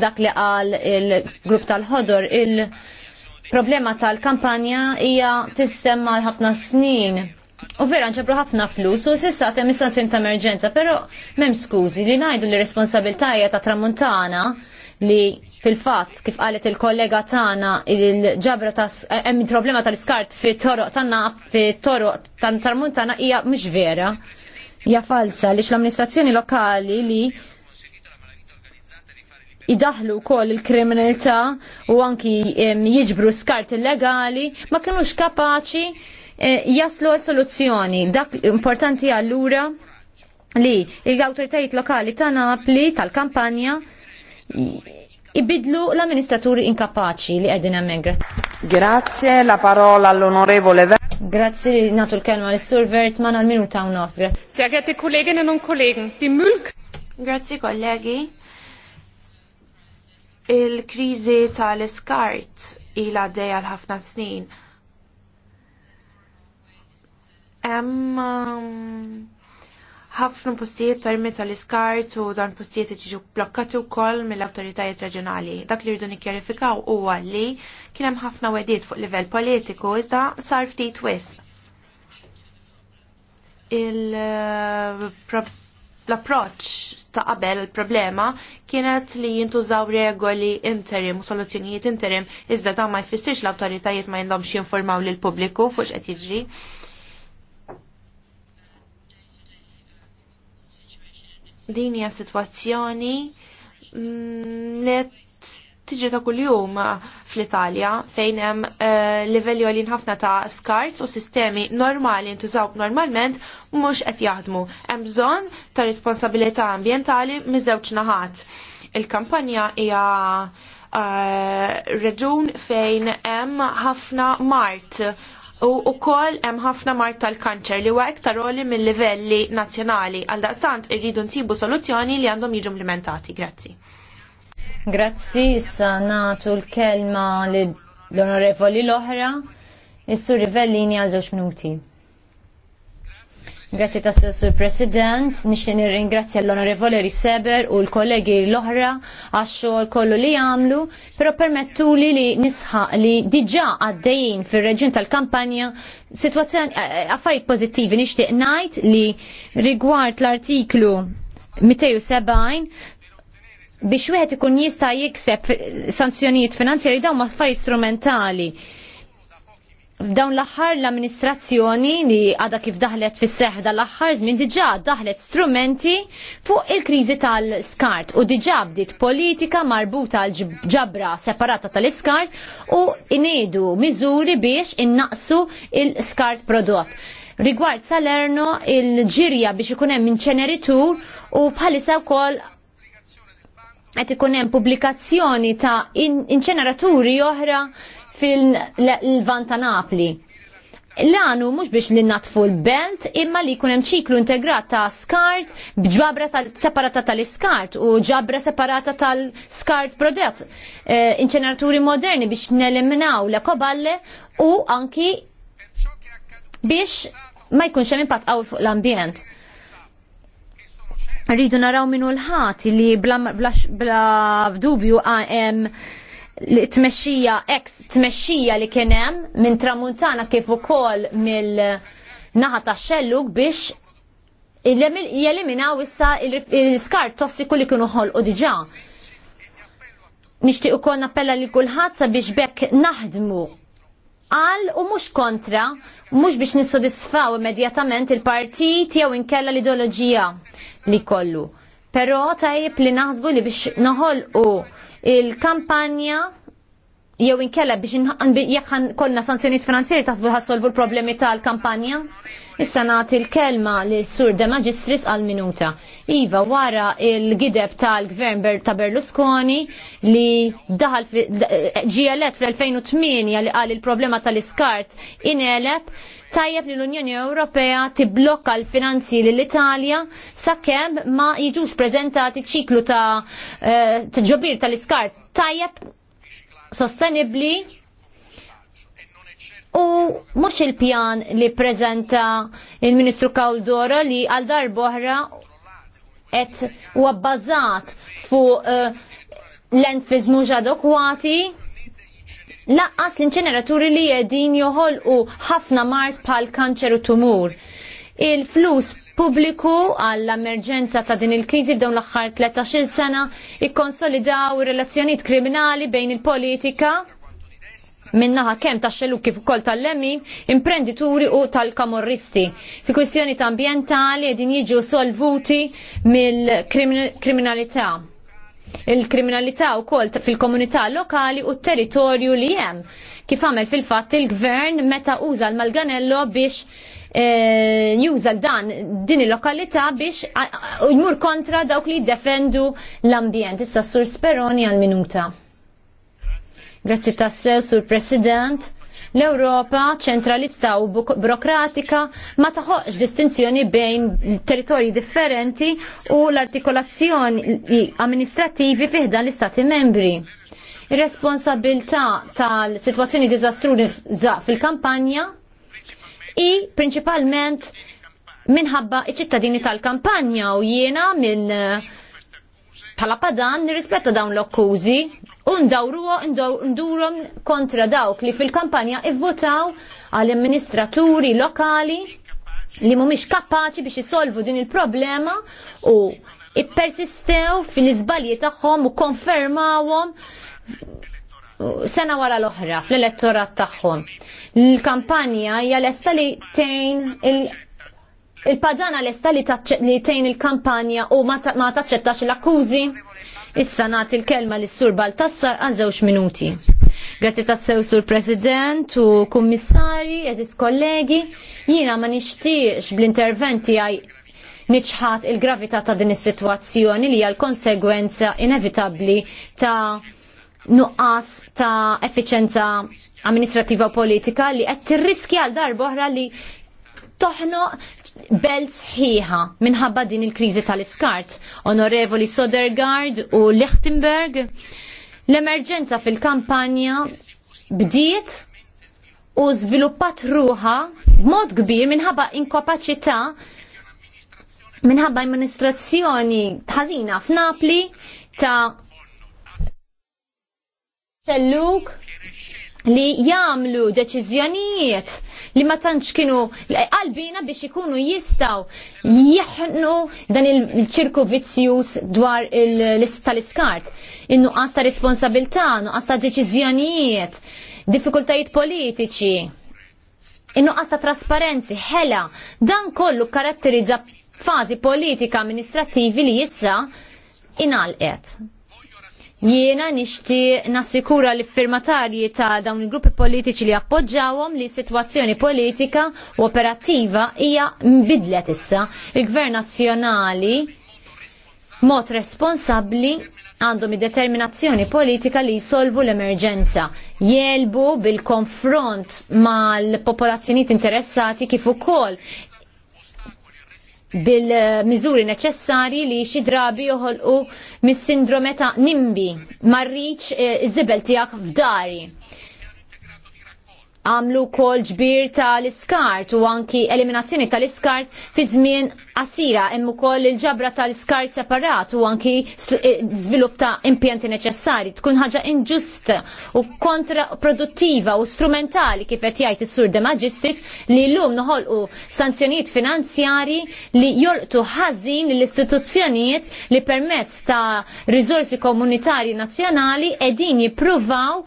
dak li qal il-grupp tal-ħodor il-problema tal-kampanja hija tistemma ħafna snin. U vera nġabru ħafna flus u sissa tem istanzjoni ta' emerġenza, pero mem skużi li najdu li responsabiltajja ta' tramuntana li fil-fatt kif qalet il-kollega tagħna il-ġabra ta' eh, hemm problema tal-iskart fit toroq tanna fit toroq tan tarmuntana hija mhux vera. Hija falsa li l-amministrazzjoni lokali li idaħlu kol il-kriminalità u anki jiġbru skart illegali ma kienux kapaċi eh, jaslu soluzzjoni. Dak importanti allura li l-autoritajiet lokali ta' Napli, tal-kampanja, ibidlu l-amministraturi inkapaċi li għedin għammen. Grazie, la parola all'onorevole Vert. Grazie, natu l-kelma l-sur Vertman għal-minuta u nos. Sjagħet kollegen e non kollegen, di mulk. Grazie kollegi. Il-krizi tal-iskart ila dejja l-ħafna snin. Hemm um, ħafna postijiet tarmi tal-iskart u dan postijiet iġiġu blokkati wkoll mill-awtoritajiet reġjonali. Dak li rridu nikkjarifikaw huwa li kien hemm ħafna wedid fuq livell politiku iżda sar ftit wis. Eh, l-approċċ ta' qabel il-problema kienet li jintużaw regoli interim u soluzzjonijiet interim iżda dan ma jfissirx l-awtoritajiet ma jindomx jinformaw lill pubbliku fuq x'qed jiġri Din hija sitwazzjoni mm, li tiġi ta' kuljum fl-Italja fejn hemm eh, livelli għolin ħafna ta' skart u sistemi normali ntużaw normalment mhux qed jaħdmu. Hemm bżonn ta' responsabilità ambjentali miż-żewġ naħat. Il-kampanja hija eh, reġun fejn hemm ħafna mart u wkoll hemm ħafna mart tal-kanċer li huwa iktar oli mill-livelli nazzjonali għal daqstant irridu nsibu soluzzjoni li għandhom jiġu implementati. Grazzi. Grazzi, issa nagħtu l-kelma l-onorevoli l-oħra, is-sur Rivellini għal żewġ minuti. Grazie ta' sur President, nixtieq nirringrazzja l onorevole Riseber u l-kollegi l-oħra għax-xogħol kollu li għamlu, però permettuli li nisħaq li diġà għaddejjin fir-reġjun tal-kampanja sitwazzjoni eh, eh, affarijiet pożittivi nixtieq ngħid li rigward l-artiklu 270 biex wieħed ikun jista' jikseb sanzjonijiet finanzjari dawn ma' affarijiet strumentali dawn l-aħħar l-amministrazzjoni li għada kif daħlet fis seħda l-aħħar żmien diġà daħlet strumenti fuq il-kriżi tal-skart u diġà bdiet politika marbuta għal ġabra separata tal-iskart u inedu miżuri biex innaqsu il-skart prodott. Rigward Salerno il-ġirja biex ikun hemm inċeneritur u bħalissa wkoll qed ikun hemm pubblikazzjoni ta' inċeneraturi oħra fil-vanta Napli. L-għanu mux biex li natfu l-belt imma li kunem ċiklu integrat ta' skart bġabra separata tal-skart u ġabra separata tal-skart prodott. E, eh, Inċeneraturi moderni biex neliminaw la koballe u anki biex ma jkunx hemm impatt fuq l-ambjent. Rridu naraw minnu l-ħati li bla, bla dubju għem ah, tmexxija ex tmexxija li kien hemm minn tramuntana kif ukoll mill-naħa tax xelluk biex jeliminaw issa il-skar tossiku li kienu ħolqu diġà. Nixtieq ukoll nappella li kulħadd sabiex bekk naħdmu għal u mhux kontra, mhux biex nissodisfaw immedjatament il-partit jew inkella l-ideoloġija li kollu. Però tajjeb li naħsbu li biex noħolqu il-kampanja jew inkella biex jekk konna sanzjoniet finanzjeri tasbu ħassolvu l-problemi tal-kampanja? Issa nagħti l-kelma li sur de Magistris għal minuta. Iva, wara il-gideb tal-gvern ta' Berlusconi li daħal ġielet fl-2008 li qal il-problema tal-iskart inelep, tajjeb li l-Unjoni Ewropea tibblokka l-finanzi l-Italja sakemm ma jiġux prezentati ċiklu ta' eh, ġobir tal-iskart tajjeb sostenibli u mhux il-pjan li prezenta il-Ministru Kawdora li għal darboħra qed huwa bbażat fuq uh, eh, l-enfiz mhux adekwati laqqas l-inċeneraturi li jedin joħolqu ħafna mart bħal kanċer u tumur. Il-flus pubbliku għall-emerġenza ta' din il-kriżi f'dawn l-aħħar 13-il sena ikkonsolidaw relazzjonijiet kriminali bejn il-politika minnaħa kem ta' xellu kif ukoll tal lemmi imprendituri u tal-kamorristi. Fi kwistjoni ta' ambientali edin jiġu solvuti mill-kriminalità il-kriminalità wkoll fil-komunità lokali u t-territorju li hemm. Kif għamel fil-fatt il-gvern meta uża l-Malganello biex e, eh, l dan din il-lokalità biex jmur kontra dawk li defendu l-ambjent. Issa Sur Speroni għal-minuta. Grazzi tassew, Sur President L-Ewropa ċentralista u burokratika ma taħoqx distinzjoni bejn territorji differenti u l-artikolazzjoni amministrativi fiħda l-Istati membri. Ir-responsabilità tal-situazzjoni diżastruża fil-kampanja i prinċipalment minħabba iċ-ċittadini tal-kampanja u jiena mill eh, pala padan nirrispetta dawn l-okkużi undawruwa ndurum kontra dawk li fil-kampanja ivvotaw għal amministraturi lokali li mhumiex kapaċi biex isolvu din il-problema u ippersistew fil-iżbalji tagħhom u konfermawom sena wara l-oħra fl-elettorat tagħhom. L-kampanja hija lesta li tejn il-padana il lesta li tejn il-kampanja u ma taċċettax l-akkużi Issa nagħti l-kelma lis sur Baltassar għal żewġ minuti. Grazzi tassew sur President u Kummissari, eżis kollegi, jiena ma nixtiex bl-interventi għaj niċħat il-gravità ta' din is-sitwazzjoni li hija l-konsegwenza inevitabbli ta' nuqqas ta' effiċenza amministrativa politika li qed tirriskja għal darba oħra li toħnoq belt sħiħa minħabba din il-kriżi tal-iskart. Onorevoli Sodergaard u Lichtenberg, l-emerġenza fil-kampanja bdiet u żviluppat ruħa b'mod kbir minħabba inkapaċità minħabba amministrazzjoni ħażina f'Napli ta' Xelluk li jamlu deċizjonijiet li ma tantx kienu qalbina biex ikunu jistaw jieħnu dan il-ċirku vizzjus dwar tal-iskart. Innu ta' responsabilità, nuqqas ta' deċizjonijiet, diffikultajiet politiċi, innuqqas ta' trasparenzi, ħela, dan kollu karatterizza fazi politika amministrativi li jissa inalqet. Jiena nixti nassikura li firmatarji ta' dawn il-gruppi politiċi li appoġġawhom li situazzjoni politika u operattiva hija mbidlet issa. Il-Gvern Nazzjonali mod responsabbli għandhom determinazzjoni politika li jisolvu l-emerġenza. Jelbu bil-konfront mal-popolazzjoniet interessati kif ukoll bil-miżuri neċessari li xi drabi joħolqu mis-sindrome ta' nimbi marriċ eh, iż-żibel tiegħek f'dari. Għamlu kol ġbir tal-iskart u anki eliminazzjoni tal-iskart fi żmien qasira hemm ukoll il-ġabra tal-iskar separat u anki eh, żvilupp ta' impjanti neċessari tkun ħaġa inġusta u kontraproduttiva u strumentali kif qed jgħid is-sur de Magistris li llum noħolqu sanzjonijiet finanzjari li jolqtu ħażin l-istituzzjonijiet li permezz ta' riżorsi komunitarji nazzjonali qegħdin jippruvaw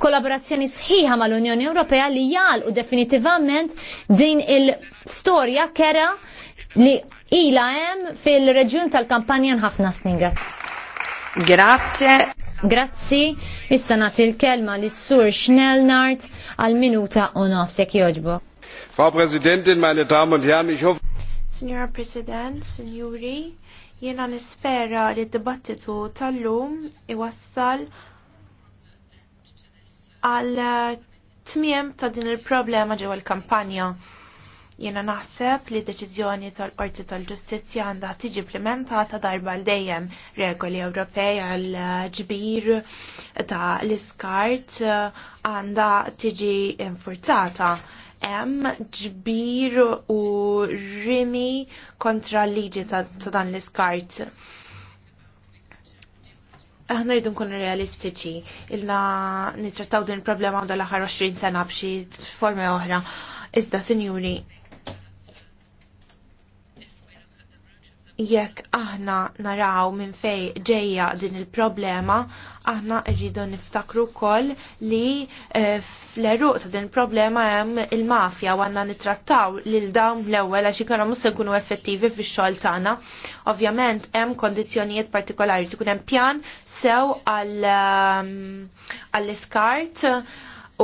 kollaborazzjoni sħiħa mal-Unjoni Ewropea li jgħalqu definitivament din il-storja kera li ila hemm fil-reġjun tal-kampanja ħafna snin. Grazie. Grazzi, issa nagħti l-kelma lis sur Schnellnart għal minuta u nofsek joġbok. Frau Präsidentin, meine Damen und Herren, ich hoffe. Signor President, Signori, jena nispera li d-dibattitu tal-lum iwassal għal tmiem ta' din il-problema ġewa l-kampanja. Jiena naħseb li deċiżjoni tal-Qorti tal-Ġustizzja għandha tiġi implementata darba l dejjem regoli Ewropej għal eh, ġbir ta' l-iskart eh, għandha tiġi infurzata hemm ġbir u rimi kontra l-liġi ta' dan l-iskart. Aħna rridu nkunu realistiċi, illa nitrattaw din il-problema għadha l-aħħar 20 sena b'xi forma oħra. Iżda, sinjuri, jekk aħna naraw minn fej ġejja din il-problema, aħna rridu niftakru koll li eh, fl-eruq ta' din il-problema hemm il-mafja u għanna nitrattaw lil dawn l-ewwel għax ikunu mhux se jkunu effettivi fix-xogħol tagħna. Ovvjament hemm kondizzjonijiet partikolari tkun hemm pjan sew ehm, għall-iskart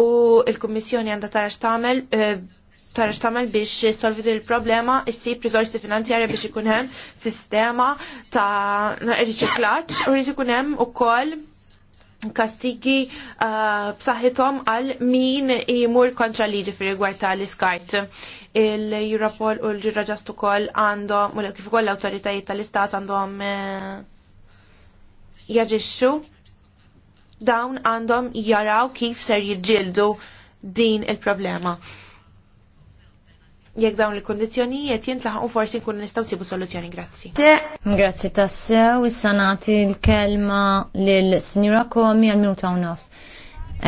u l-Kummissjoni għandha tara x'tagħmel eh, tarax tamel biex solvi il-problema, issib rizorsi finanzjarja biex ikun hemm sistema ta' riċiklaġġ u rrid ikun hemm ukoll kastigi uh, b'saħħithom għal min jimur kontra liġi fi rigward l iskart Il-Europol u l-ġirraġast ukoll għandhom u kif ukoll l-awtoritajiet tal-istat għandhom uh, jaġixxu dawn għandhom jaraw kif ser jiġġieldu din il-problema jekk dawn il-kondizjonijiet u forsi nkun nistgħu sibu soluzzjoni. Grazzi. Grazzi tassew, issa nagħti l-kelma lil Sinjura Komi għal minuta u nofs.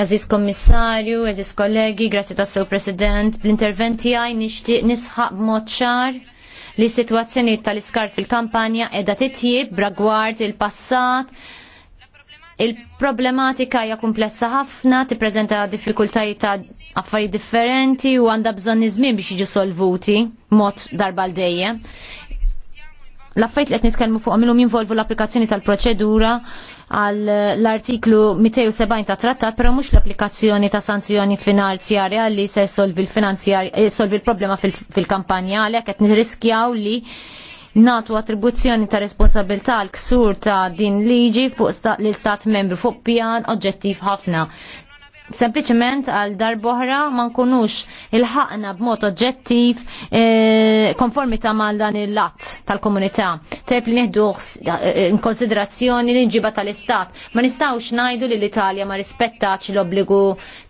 Aziz kommissarju, aziz kollegi, grazzi u president, l interventi għaj nishtiq nisħaq moċar li situazzjoni tal-iskar fil-kampanja edha titjib bragward il-passat Il-problematika hija komplessa ħafna, tippreżenta diffikultajiet ta' affarijiet differenti u għandha bżonn iżmien biex jiġu solvuti mod darba l dejjem L-affarijiet li qed nitkellmu fuq minnhom jinvolvu l-applikazzjoni tal-proċedura għal l-artiklu 270 ta' trattat, però mhux l-applikazzjoni ta' sanzjoni finanzjarja li se eh, solvi l-problema fil-kampanja, għalhekk qed nirriskjaw li natu attribuzzjoni ta' responsabilità l ksur ta' din liġi fuq sta, l-Stat membru fuq pjan oġġettiv ħafna sempliciment għal darboħra ma nkunux il-ħaqna b'mod oġġettiv eh, konformita ma dan il-lat tal-komunità. Tep li eh, in konsiderazzjoni l-inġiba tal-Istat. Ma nistawx najdu li l-Italja ma rispettax l-obbligu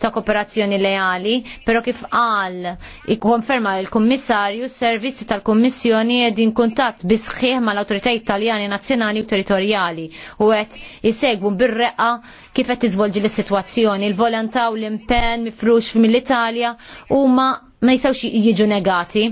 ta' kooperazzjoni leali, pero kif qal ikkonferma il-Kummissarju s-servizzi tal-Kummissjoni edin kuntat bisħieħ ma l-autoritajiet Italjani nazzjonali u territorjali u għet jisegwu bir-reqqa kif qed tiżvolġi l-sitwazzjoni. Il-volant ipprezentaw l-impen mifrux mill-Italja huma ma jistgħux jiġu negati.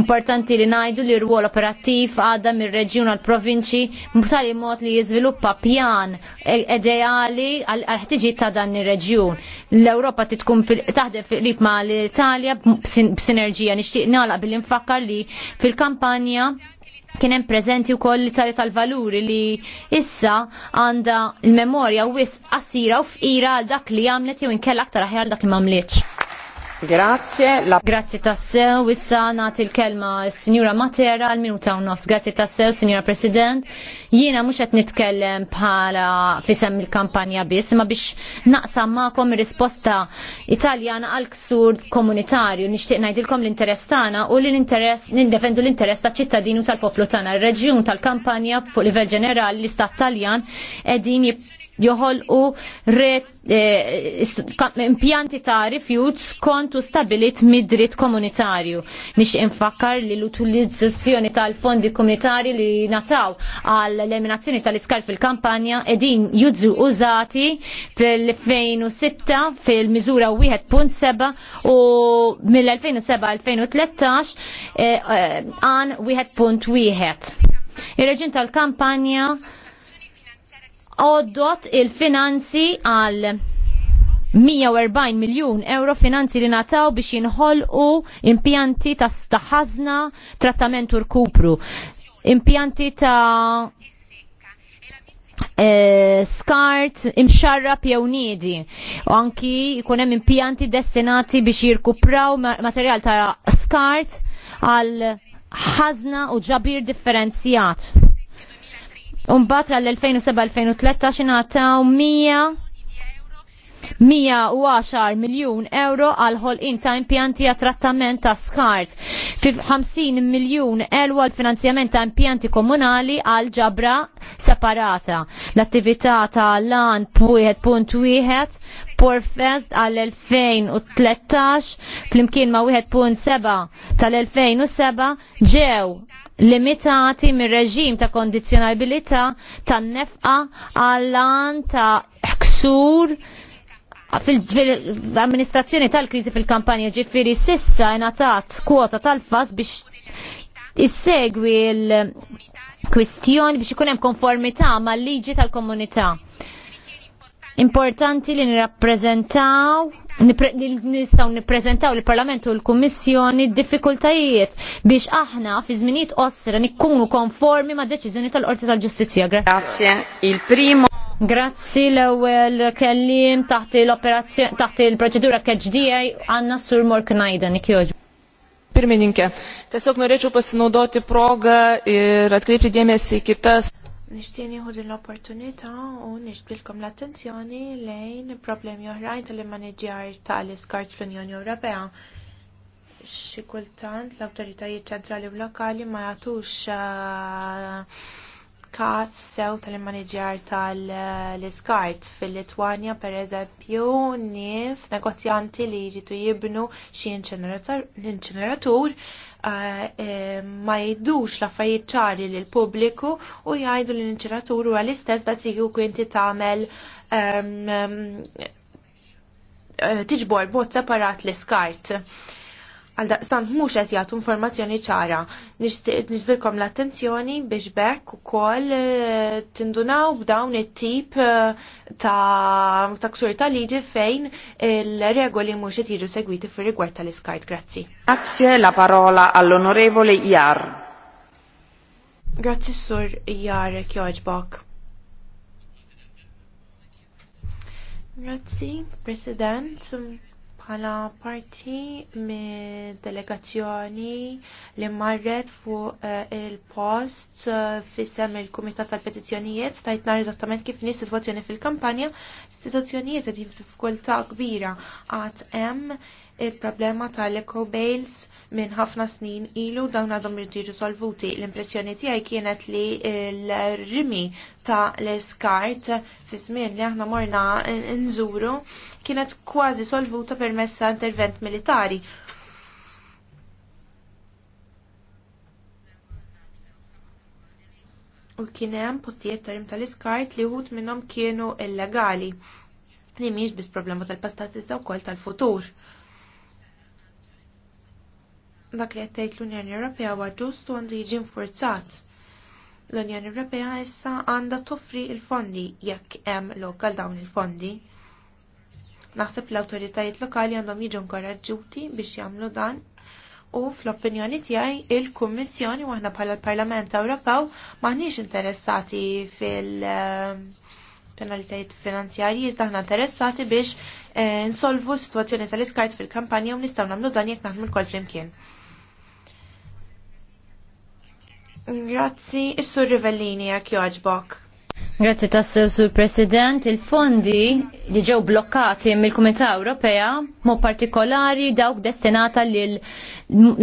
Importanti li najdu li rwol operattiv għadha mir-reġjun għal provinċi b'tali mod li jiżviluppa pjan e- ideali għal ħtiġijiet ta' dan ir-reġjun. L-Ewropa titkun taħdem fil-qrib ma' l-Italja b'sinerġija nixtieq nagħlaq bil nfakkar li fil-kampanja kien hemm preżenti wkoll l-Italja tal-Valuri li issa għandha l-memorja wis qasira u fqira għal dak li għamlet jew inkella aktar aħjar dak li m'għamlitx. Grazie. La... Grazie tassew, issa nagħti il-kelma s-Sinjura Matera għal minuta u nofs. Grazie tassew, Sinjura President. Jiena mhux qed nitkellem bħala fisem il-kampanja biss, ma biex naqsam magħkom risposta Italjana għal ksur komunitarju. Nixtieq ngħidilkom l-interess tagħna u li l-interess nindefendu l-interess taċ ċittadini u tal-poplu tagħna. Ir-reġjun tal-kampanja fuq livell ġenerali l-Istat Taljan qegħdin jib joħolqu eh, impjanti ta' rifjuts kontu stabilit mid-dritt komunitarju. Nix infakkar li l-utilizzazzjoni tal-fondi komunitarji li nataw għal eliminazzjoni tal-iskar fil-kampanja edin juzzu użati fil-2006 fil-mizura 1.7 u mill-2007-2013 eh, eh, għan 1.1. Ir-reġin tal-kampanja oddot il-finanzi għal 140 miljon euro finanzi li nataw biex jinħolqu impjanti ta' staħazna trattament u rkupru. Impjanti ta' E, skart imxarrab jew u anki jkun hemm impjanti destinati biex jirkupraw materjal ta' skart għal ħazna u ġabir differenzjat. Umbat l-2007-2013 inataw 110 miljon euro għal ħolqien ta' impjanti għat trattament ta' skart. 50 miljon euro għal finanzjament ta' impjanti komunali għal ġabra separata. L-attività ta' lan 1.1 Porfest għal-2013 flimkien imkien ma' 1.7 tal-2007 ġew limitati mir reġim ta' kondizjonabilità tan nefqa għall-an ta' ksur fil-amministrazzjoni tal-krizi fil-kampanja ġifiri sissa inatat kwota tal-fas biex issegwi l-kwistjoni biex ikun hemm konformità mal-liġi tal-komunità. Importanti li nirrappreżentaw nistaw niprezentaw l-Parlamentu u l-Kummissjoni diffikultajiet biex aħna fi żminijiet osra nikkunu konformi ma' deċiżjoni tal-Qorti tal-Ġustizzja. Grazie. Il primo Grazzi l-ewwel kellim taħt l-operazzjoni taħt il-proċedura KHDI għandna Sur Mork Najden ikjoġu. Pirmininkė, tiesiog norėčiau pasinaudoti proga ir e, atkripti dėmesį kitas. Nixtieq nieħu din l-opportunità u nixbilkom l-attenzjoni lejn problemi oħrajn tal immaniġġjar tal-iskart fl-Unjoni Ewropea. Xi kultant l-awtoritajiet ċentrali u lokali ma jagħtux uh, każ sew tal immaniġġjar tal-iskart fil-Litwanja pereżempju nies negozjanti li jridu jibnu xi inċineratur Eh, eh, ma jidux l-affarijiet ċari lill pubbliku u jgħidu l inċeratur huwa l-istess dak li kieku inti tagħmel ehm, ehm, eh, tiġbor bot separat l-iskart għal daqstant mhux qed jagħtu informazzjoni ċara. Nixbilkom l-attenzjoni biex bekk ukoll eh, tindunaw b'dawn it-tip eh, ta' ksur ta' liġi fejn il-regoli mhux qed jiġu segwiti fir rigward tal-iskajt. Grazzi. Grazie la parola all'onorevole Jar. Grazzi sur Jar Kjoġbok. Grazzi, President bħala parti mid delegazzjoni li marret fuq eh, il-post eh, fissem il-Kumitat tal-Petizzjonijiet stajt nar eżattament kif ni situazzjoni fil-kampanja, situazzjonijiet għedin diffikultà kbira għad hemm il-problema tal-eco bails minn ħafna snin ilu dawn għadhom jiġu solvuti. L-impressjoni tiegħi kienet li l-rimi ta' l-iskart fi żmien li aħna morna nżuru kienet kważi solvuta permezz ta' intervent militari. u kien hemm postijiet rim tal-iskart li wħud minnhom kienu illegali li mhijiex biss problema tal-pastat iżda wkoll tal-futur dak li qed tgħid l-Unjoni Ewropea huwa ġust u għandu jiġi nfurzat. L-Unjoni Ewropea issa għandha toffri l fondi jekk hemm lokal dawn il-fondi. Naħseb l-awtoritajiet lokali għandhom jiġu nkoraġġuti biex jagħmlu dan u fl-opinjoni tiegħi il-Kummissjoni waħna bħala l-Parlament Ewropew maħniex interessati fil- penalitajiet finanzjarji iżda aħna interessati biex eh, nsolvu s-sitwazzjoni tal-iskart fil-kampanja u nistgħu nagħmlu dan jekk naħdmu l-kol flimkien. Grazzi, is-sur Rivellini jekk joġbok. Grazzi tassew sur President, il-fondi li ġew blokkati mill-Kumità Ewropea mo partikolari dawk destinata lil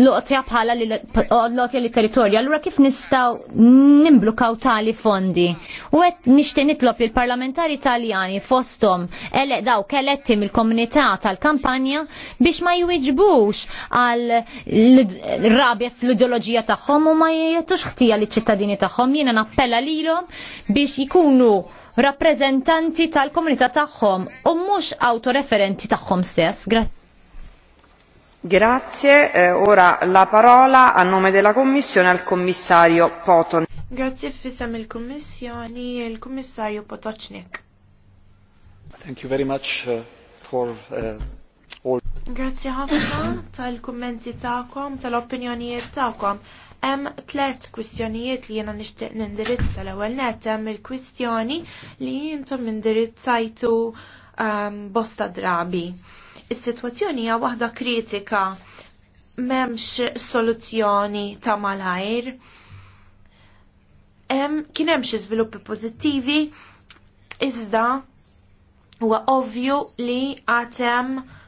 lotja bħala lotja li territorja. Allura kif nistgħu nimblukaw tali fondi? U qed nixtieq nitlob il parlamentari Taljani fosthom ele dawk eletti mill-komunità tal-kampanja biex ma jwiġbux għal rabja fl-ideoloġija tagħhom u ma jettux ħtija liċ ċittadini tagħhom. Jiena nappella lilhom biex jkunu ikunu rappresentanti tal-komunità tagħhom u mhux autoreferenti tagħhom stess. Grazie. Grazie, eh, ora la parola a nome della Commissione al Commissario Poton. Grazie fissam il-Kommissjoni e il-Kommissarju Potocnik. Thank you very much uh, for uh, all. Grazie ħafna tal-kummenti tagħkom, tal-opinjonijiet tagħkom. Hemm tliet kwistjonijiet li jiena nixtieq nindirizza l-ewwel nett hemm il-kwistjoni li intom indirizzajtu um, bosta drabi. Is-sitwazzjoni hija waħda kritika m'hemmx soluzzjoni ta' malajr. Hemm kien hemm xi żviluppi pożittivi iżda huwa ovvju li għatem hemm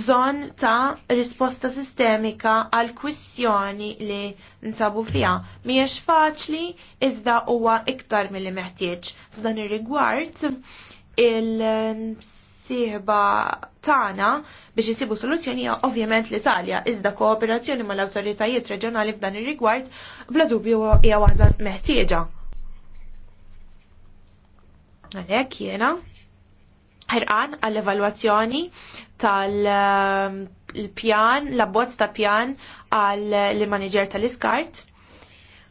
bżon ta' risposta sistemika għal kwistjoni li nsabu fija. Miex faċli iżda huwa iktar mill-li meħtieġ. F'dan ir-rigward il-sieħba tagħna biex isibu soluzzjoni ovvjament l-Italja iżda kooperazzjoni mal-awtoritajiet reġjonali f'dan ir-rigward bla dubju hija waħda meħtieġa. Għalhekk jiena ħirqan għall-evalwazzjoni tal-pjan, ehm, l-abbozz ta' pjan għall-manager tal-iskart.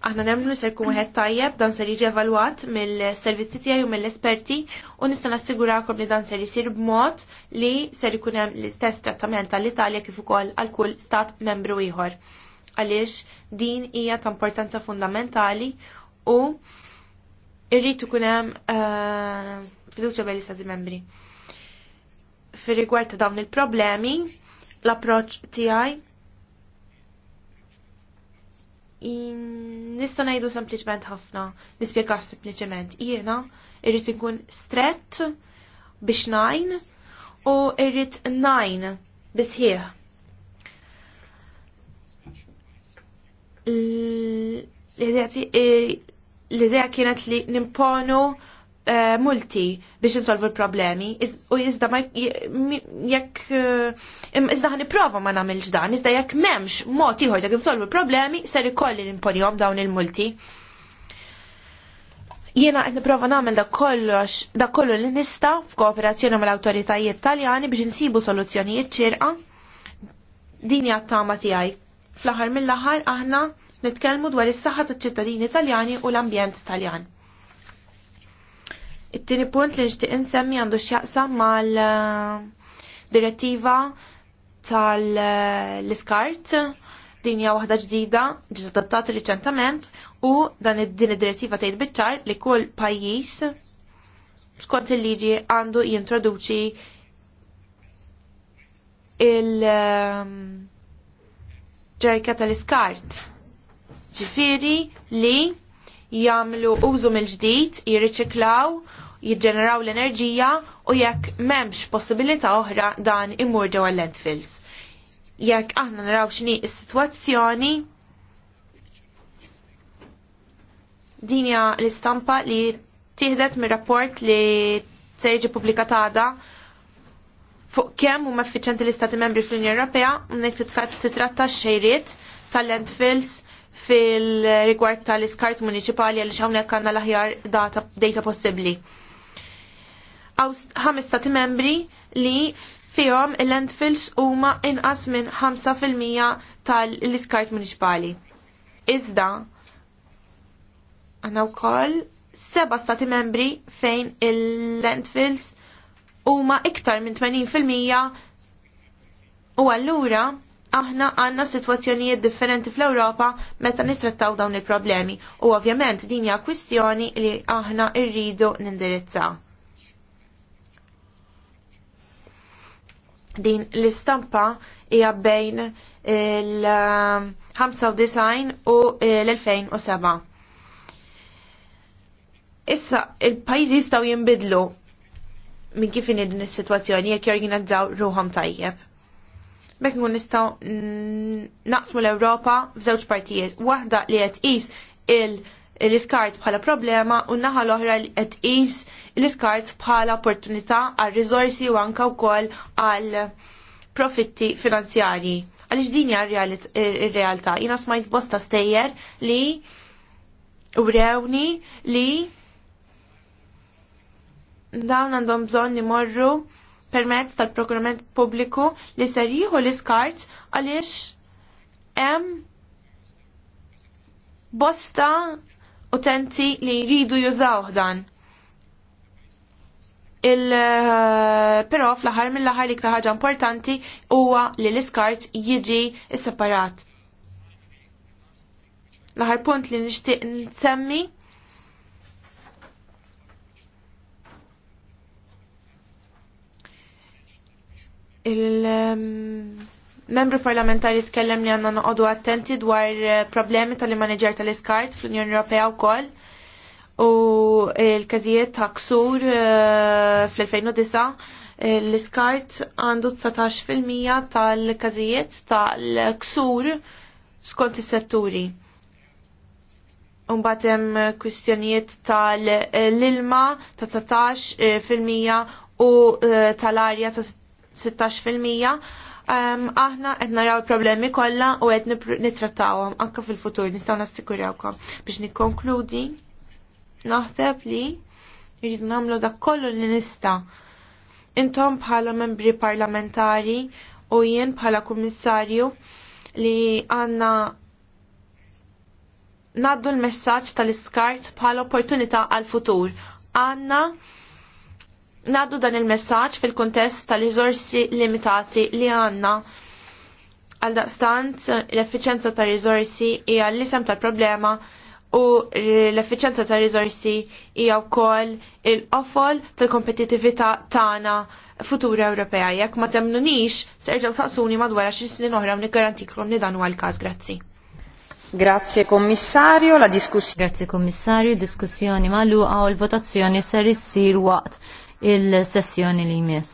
Aħna nemmnu ser kun wieħed tajjeb dan ser jiġi evalwat mill-servizzi tiegħi u mill-esperti u nista' nassigurakom li dan ser isir b'mod li ser ikun hemm l-istess trattament tal-Italja kif ukoll għal kull stat membru ieħor. Għaliex din hija ta' importanza fundamentali u irrid ikun hemm eh, fiduċja bejn l-istati membri. Fi rigward ta' dawn il-problemi, l-approċċ tiegħi nista' ngħidu sempliċement ħafna, nispjega sempliċement jiena irrid inkun strett biex najn u irrid najn bisħieħ. L-idea l-idea kienet li nimponu uh, multi biex insolvu l-problemi u iżda ma jekk jizda eh, ħan iprova ma namilġ dan, iżda jekk m'hemmx mod hoj jekk insolvu l-problemi ser ikolli nimponihom dawn il-multi. Jiena qed nipprova nagħmel dak kollox dak kollu l nista' f'kooperazzjoni mal-awtoritajiet Taljani biex insibu soluzzjonijiet ċirqa din hija t-tama tiegħi. Fl-aħħar mill-aħħar aħna nitkellmu dwar is-saħħa tal-ċittadini Taljani u l-ambjent Taljan. It-tieni punt li nixtieq insemmi għandu x'jaqsam mal-direttiva tal-iskart din hija waħda ġdida ġiet adattat riċentament u dan id-din id-direttiva tgħid biċ-ċar li kull pajjiż skont il-liġi għandu jintroduċi il- um, ġerka tal-iskart ġifiri li jamlu użu mill-ġdid, jirriċiklaw, jiġġeneraw l-enerġija u jekk memx possibilita oħra dan immur ġewwa landfills. Jekk aħna naraw x'inhi s-sitwazzjoni dinja l-istampa li tiħdet mir-rapport li serġi publikata fuq kemm huma effiċjenti l-Istati Membri fl-Unjoni Ewropea nek titratta x-xejriet tal-landfills fil-rigward tal-iskart municipali għal hawnhekk għandna l-aħjar data, possibli. possibbli. Ħames stati membri li fihom il-landfills huma inqas minn 5% tal-iskart municipali. Iżda għandna wkoll seba' stati membri fejn il-landfills huma iktar minn 80% u allura aħna għanna situazzjonijiet differenti fl-Ewropa meta nitrattaw dawn il-problemi u ovvjament din hija kwistjoni li aħna rridu nindirizza. Din l-istampa hija bejn il-95 u l-2007. Issa il pajjiż jistgħu jinbidlu minn kif din is-sitwazzjoni jekk jorganizzaw ruhom tajjeb mek nkun nistgħu naqsmu l-Ewropa f'żewġ partijiet. Waħda li qed qis l-iskart bħala problema u naħa l-oħra li qed qis l-iskart bħala opportunità għal riżorsi u anke wkoll għal profitti finanzjarji. Għaliex din hija r-realtà. Jiena smajt bosta stejjer li urewni li dawn għandhom bżonn imorru permezz tal-programment pubbliku li ser jieħu l-iskart għaliex hemm bosta utenti li jridu jużaw dan. Il eh, però fl-aħħar mill ħar li ħaġa importanti huwa li l-iskart jiġi separat. L-aħħar punt li nixtieq nsemmi il-membru ehm, parlamentari tkellem li għanna noqodu attenti dwar eh, problemi tal-manager tal-iskart fl-Unjoni Ewropea u koll u il-kazijiet ta' ksur eh, fl-2009 eh, l-iskart għandu 19% tal-kazijiet tal-ksur skont is-setturi. Unbatem hemm kwistjonijiet tal-ilma ta' 13% u tal-arja ta' 16% um, aħna qed naraw il-problemi kollha u qed nittrattawhom anke fil-futur nistgħu nassikurawkom biex nikkonkludi naħseb li jridu nagħmlu dak kollu li nista' intom bħala membri parlamentari u jien bħala kummissarju li għandna naddu l-messaġġ tal-iskart bħala opportunità għal-futur. Għandna Naddu dan il-messaġġ fil kontest tal rizorsi limitati li għandna għal daqstant l-effiċenza ta' rizorsi hija l-isem tal-problema u l-effiċenza ta' rizorsi hija wkoll il-qofol tal kompetitività tagħna futura Ewropea. Jekk ma temnunix, serġgħu saqsuni madwar għax snin oħra u nikkarantiklhom li dan huwa l-każ. Grazzi. Grazie Commissario, la discussione. Grazie Commissario, diskussjoni ma' u l-votazzjoni ser issir waqt il-sessjoni li jmiss.